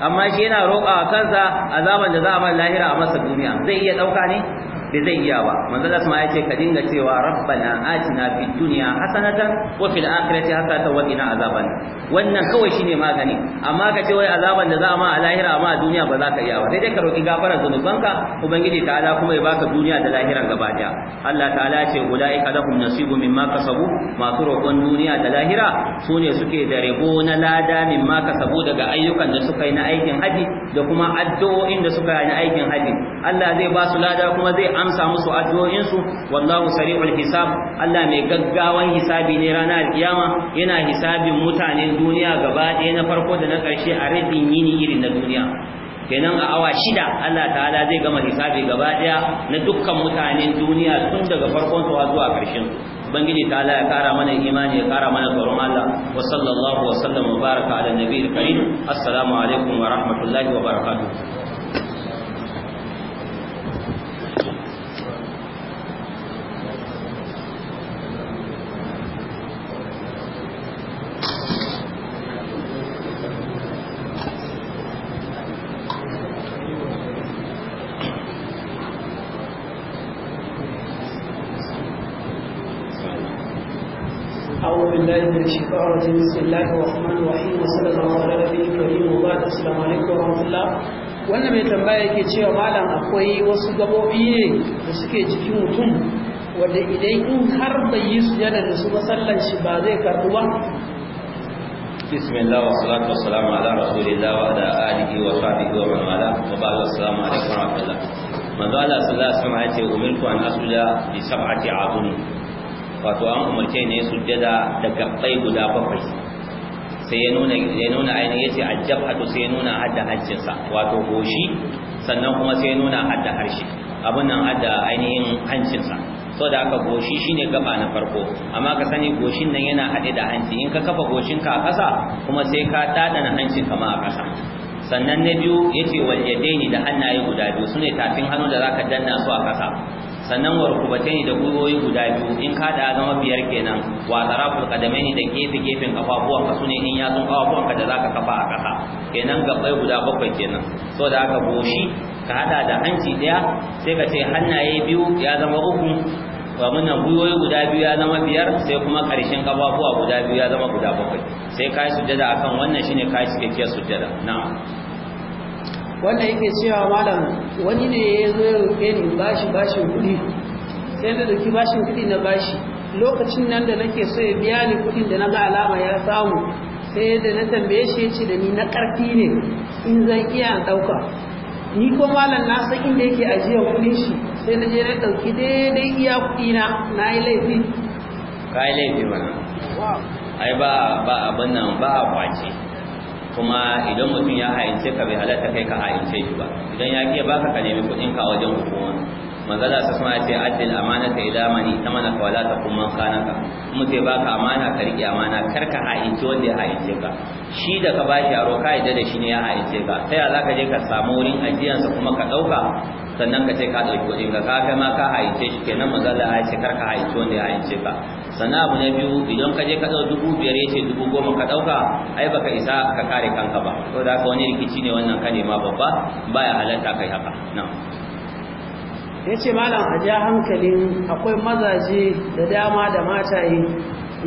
amma shi yana roƙa wa kansa azaban da za a bar lahira a masa duniya zai iya ɗauka ne bai zai iya ba manzo Allah ya ce ka dinga cewa rabbana atina fid dunya hasanatan wa fil akhirati hasanatan wa qina azaban wannan kawai shine magani amma ka ce wai azaban da za a ma a lahira amma a duniya ba za ka iya ba sai dai ka roki gafara zunubanka ubangiji ta'ala kuma ya baka duniya da lahiran gaba daya Allah ta'ala ce ulaika lahum nasibu mimma kasabu masu roƙon duniya da lahira sune suke da rabo na lada mimma kasabu daga ayyukan da suka yi na aikin haji da kuma addu'o'in da suka yi na aikin haji Allah zai ba su lada kuma zai amsa musu addu'o'insu. su wallahu sari'ul hisab Allah mai gaggawan hisabi ne ranar kiyama yana hisabin mutanen duniya gaba ɗaya na farko da na ƙarshe a rabin yini irin na duniya kenan a awa shida Allah ta'ala zai gama hisabi gaba daya na dukkan mutanen duniya tun daga farkon zuwa zuwa karshen ubangiji ta'ala ya kara mana imani ya kara mana tsoron Allah wa sallallahu wa sallam baraka ala nabiyil karim assalamu alaikum wa rahmatullahi wa barakatuh الرجيم بسم الله الرحمن الرحيم وصلى الله على نبي الكريم وبعد السلام عليكم ورحمة الله wannan mai tambaya yake cewa malam akwai wasu gabobi ne da suke jikin mutum wanda idan in har bai yi su yana da su masallan shi ba zai karbu ba bismillah wa salatu wa salamu ala rasulillah wa ala alihi wa sahbihi wa man wala wa ba'da assalamu alaikum wa rahmatullah manzo Allah sallallahu alaihi wasallam ya ce umirtu an asula bi sab'ati abun wato an umarce ne sujjada da gabbai guda bakwai sai ya nuna ya nuna ce ajab hadu sai ya nuna hadda hancin sa wato goshi sannan kuma sai ya nuna hadda harshe abun nan hadda ainihin hancin sa da haka goshi shine gaba na farko amma ka sani goshin nan yana hade da hanci in ka kafa goshin ka a kasa kuma sai ka na hancin kama a kasa sannan na biyu yace wal yadaini da hannaye guda biyu sune tafin hannu da zaka danna su a kasa sannan warkubatai ne da gwiwoyi guda biyu in ka da zama biyar kenan wa taraful kadamai ne da gefe gefen kafafuwan ka sune in yatsun kafafuwan ka da zaka kafa a kasa kenan gabbai guda bakwai kenan so da aka boshi ka hada da hanci daya sai ka ce hannaye biyu ya zama uku Wa nan gwiwoyi guda biyu ya zama biyar sai kuma karshen kafafuwa guda biyu ya zama guda bakwai sai kai sujjada akan wannan shine kai cikakkiyar sujjada na'am wanda yake cewa malam wani ne ya zo ya rufe ni bashi bashin kuɗi sai da duki bashin kuɗi na bashi lokacin nan da nake so ya biya ni kuɗin da na ga alama ya samu sai da na tambaye shi ya ce da ni na ƙarfi ne in zan iya a ɗauka ni ko malam na san inda yake ajiyar kuɗin shi sai na je na ɗauki daidai iya kuɗi na na yi laifi ka yi laifi ba. ai ba ba abin nan ba a kwace kuma idan mutum ya haince ka bai halatta kai ka haince shi ba idan ya kiya baka ka nemi kuɗin ka wajen hukuma manzala sa suna ce addil ta ila mani tamana ka wala kuma kana ka kuma sai baka amana ka riƙe amana kar ka haince wanda ya haince ka shi da ka bashi aro ka yadda da shi ne ya haince ka sai za ka je ka samu wurin ajiyansa kuma ka ɗauka sannan ka ce ka ɗauki kuɗin ka kai ma ka haice shi kenan maza da haice kar ka haice wanda ya haice ka sannan abu na biyu idan ka je ka ɗau dubu biyar ya ce dubu goma ka ɗauka ai baka isa ka kare kanka ba ko da haka wani rikici ne wannan ka nema babba baya halatta kai haka ya ce malam a ja hankalin akwai mazaje da dama da mataye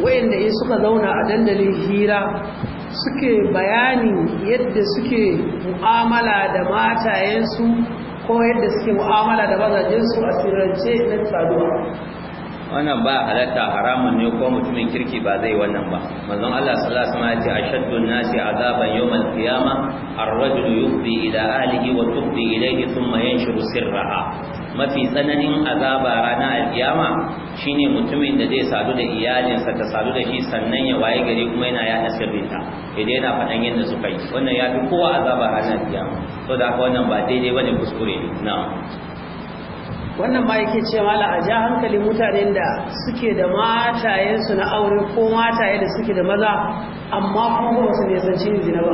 wayanda in suka zauna a dandalin hira suke bayani yadda suke mu'amala da matayensu ko yadda suke mu'amala da mazajen su a sirrance na saduwa wannan ba halatta haramun ne ko mutumin kirki ba zai wannan ba manzon Allah sallallahu alaihi wasallam ya ce ashaddu an-nasi azaban yawm al-qiyamah ar-rajulu yufdi ila ahlihi wa tufdi ilayhi thumma yanshiru sirraha mafi tsananin azaba rana alkiyama shine mutumin da zai sadu da iyalinsa ta sadu da shi sannan ya waye gari kuma yana yaɗa sirrinta idan yana faɗan yadda suka yi wannan ya fi kowa azaba rana alkiyama to da haka wannan ba daidai bane kuskure ne na. wannan ba yake ce mala a ja hankali mutanen da suke da matayensu na aure ko mataye da suke da maza amma kuma ba su nisanci zina ba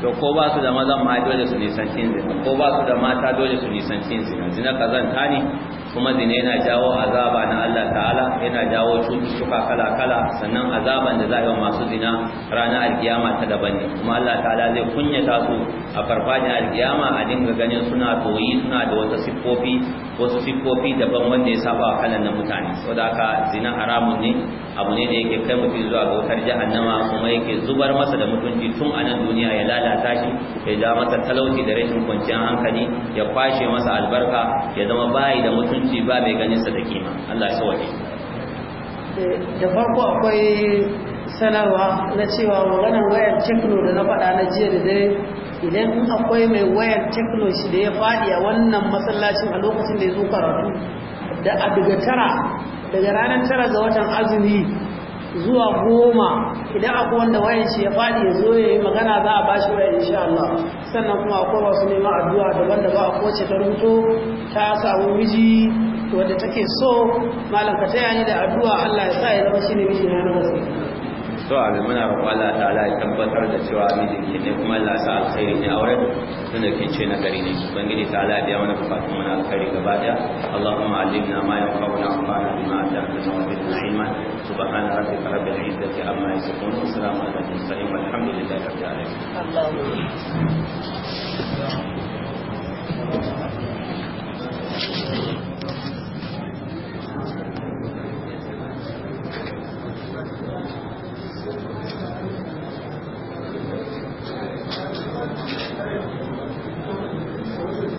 to ko ba su da mazan ma dole su cin zina ko ba su da mata dole su cin zina zina kazanta ne kuma zina yana jawo azaba na Allah ta'ala yana jawo cututtuka kala-kala sannan azaban da za a yi wa masu zina ranar alkiyama ta daban ne kuma Allah ta'ala zai kunyata su a farfajin alkiyama a dinga ganin suna doyi suna da wasu siffofi wasu siffofi daban wanda ya saba wa kalan na mutane saboda haka zina haramun ne abu ne da yake kai mutum zuwa ga wutar jahannama kuma yake zubar masa da mutunci tun a nan duniya ya lalata shi ya ja masa talauci da rashin kwanciyar hankali ya kwashe masa albarka ya zama bayi da mutunci mutunci ba mai ganin sa da kima Allah ya sawaye da farko akwai sanarwa na cewa maganar wayar tekno da na faɗa na jiya da dare idan akwai mai wayar tekno shi da ya faɗi a wannan masallacin a lokacin da ya zo karatu da a daga tara daga ranar tara ga watan azumi zuwa goma idan akwai wanda wayan shi ya faɗi ya zo ya yi magana za a bashi wayan insha Allah sannan kuma akwai wasu neman addu'a daban da ba a kowace ta rubuto ta samu miji wadda take so malam ka taya ni da addu'a Allah ya sa ya zama shi ne miji na wasu. so a muna roƙon Allah ya tabbatar da cewa mijinki ne kuma Allah sa alkhairi ne na gari ne ubangiji ta'ala biya mana bukatun mana alkhairi gaba daya Allahumma allimna ma yanfa'una wa fa'alna bima allamtana wa zidna ilma subhana amma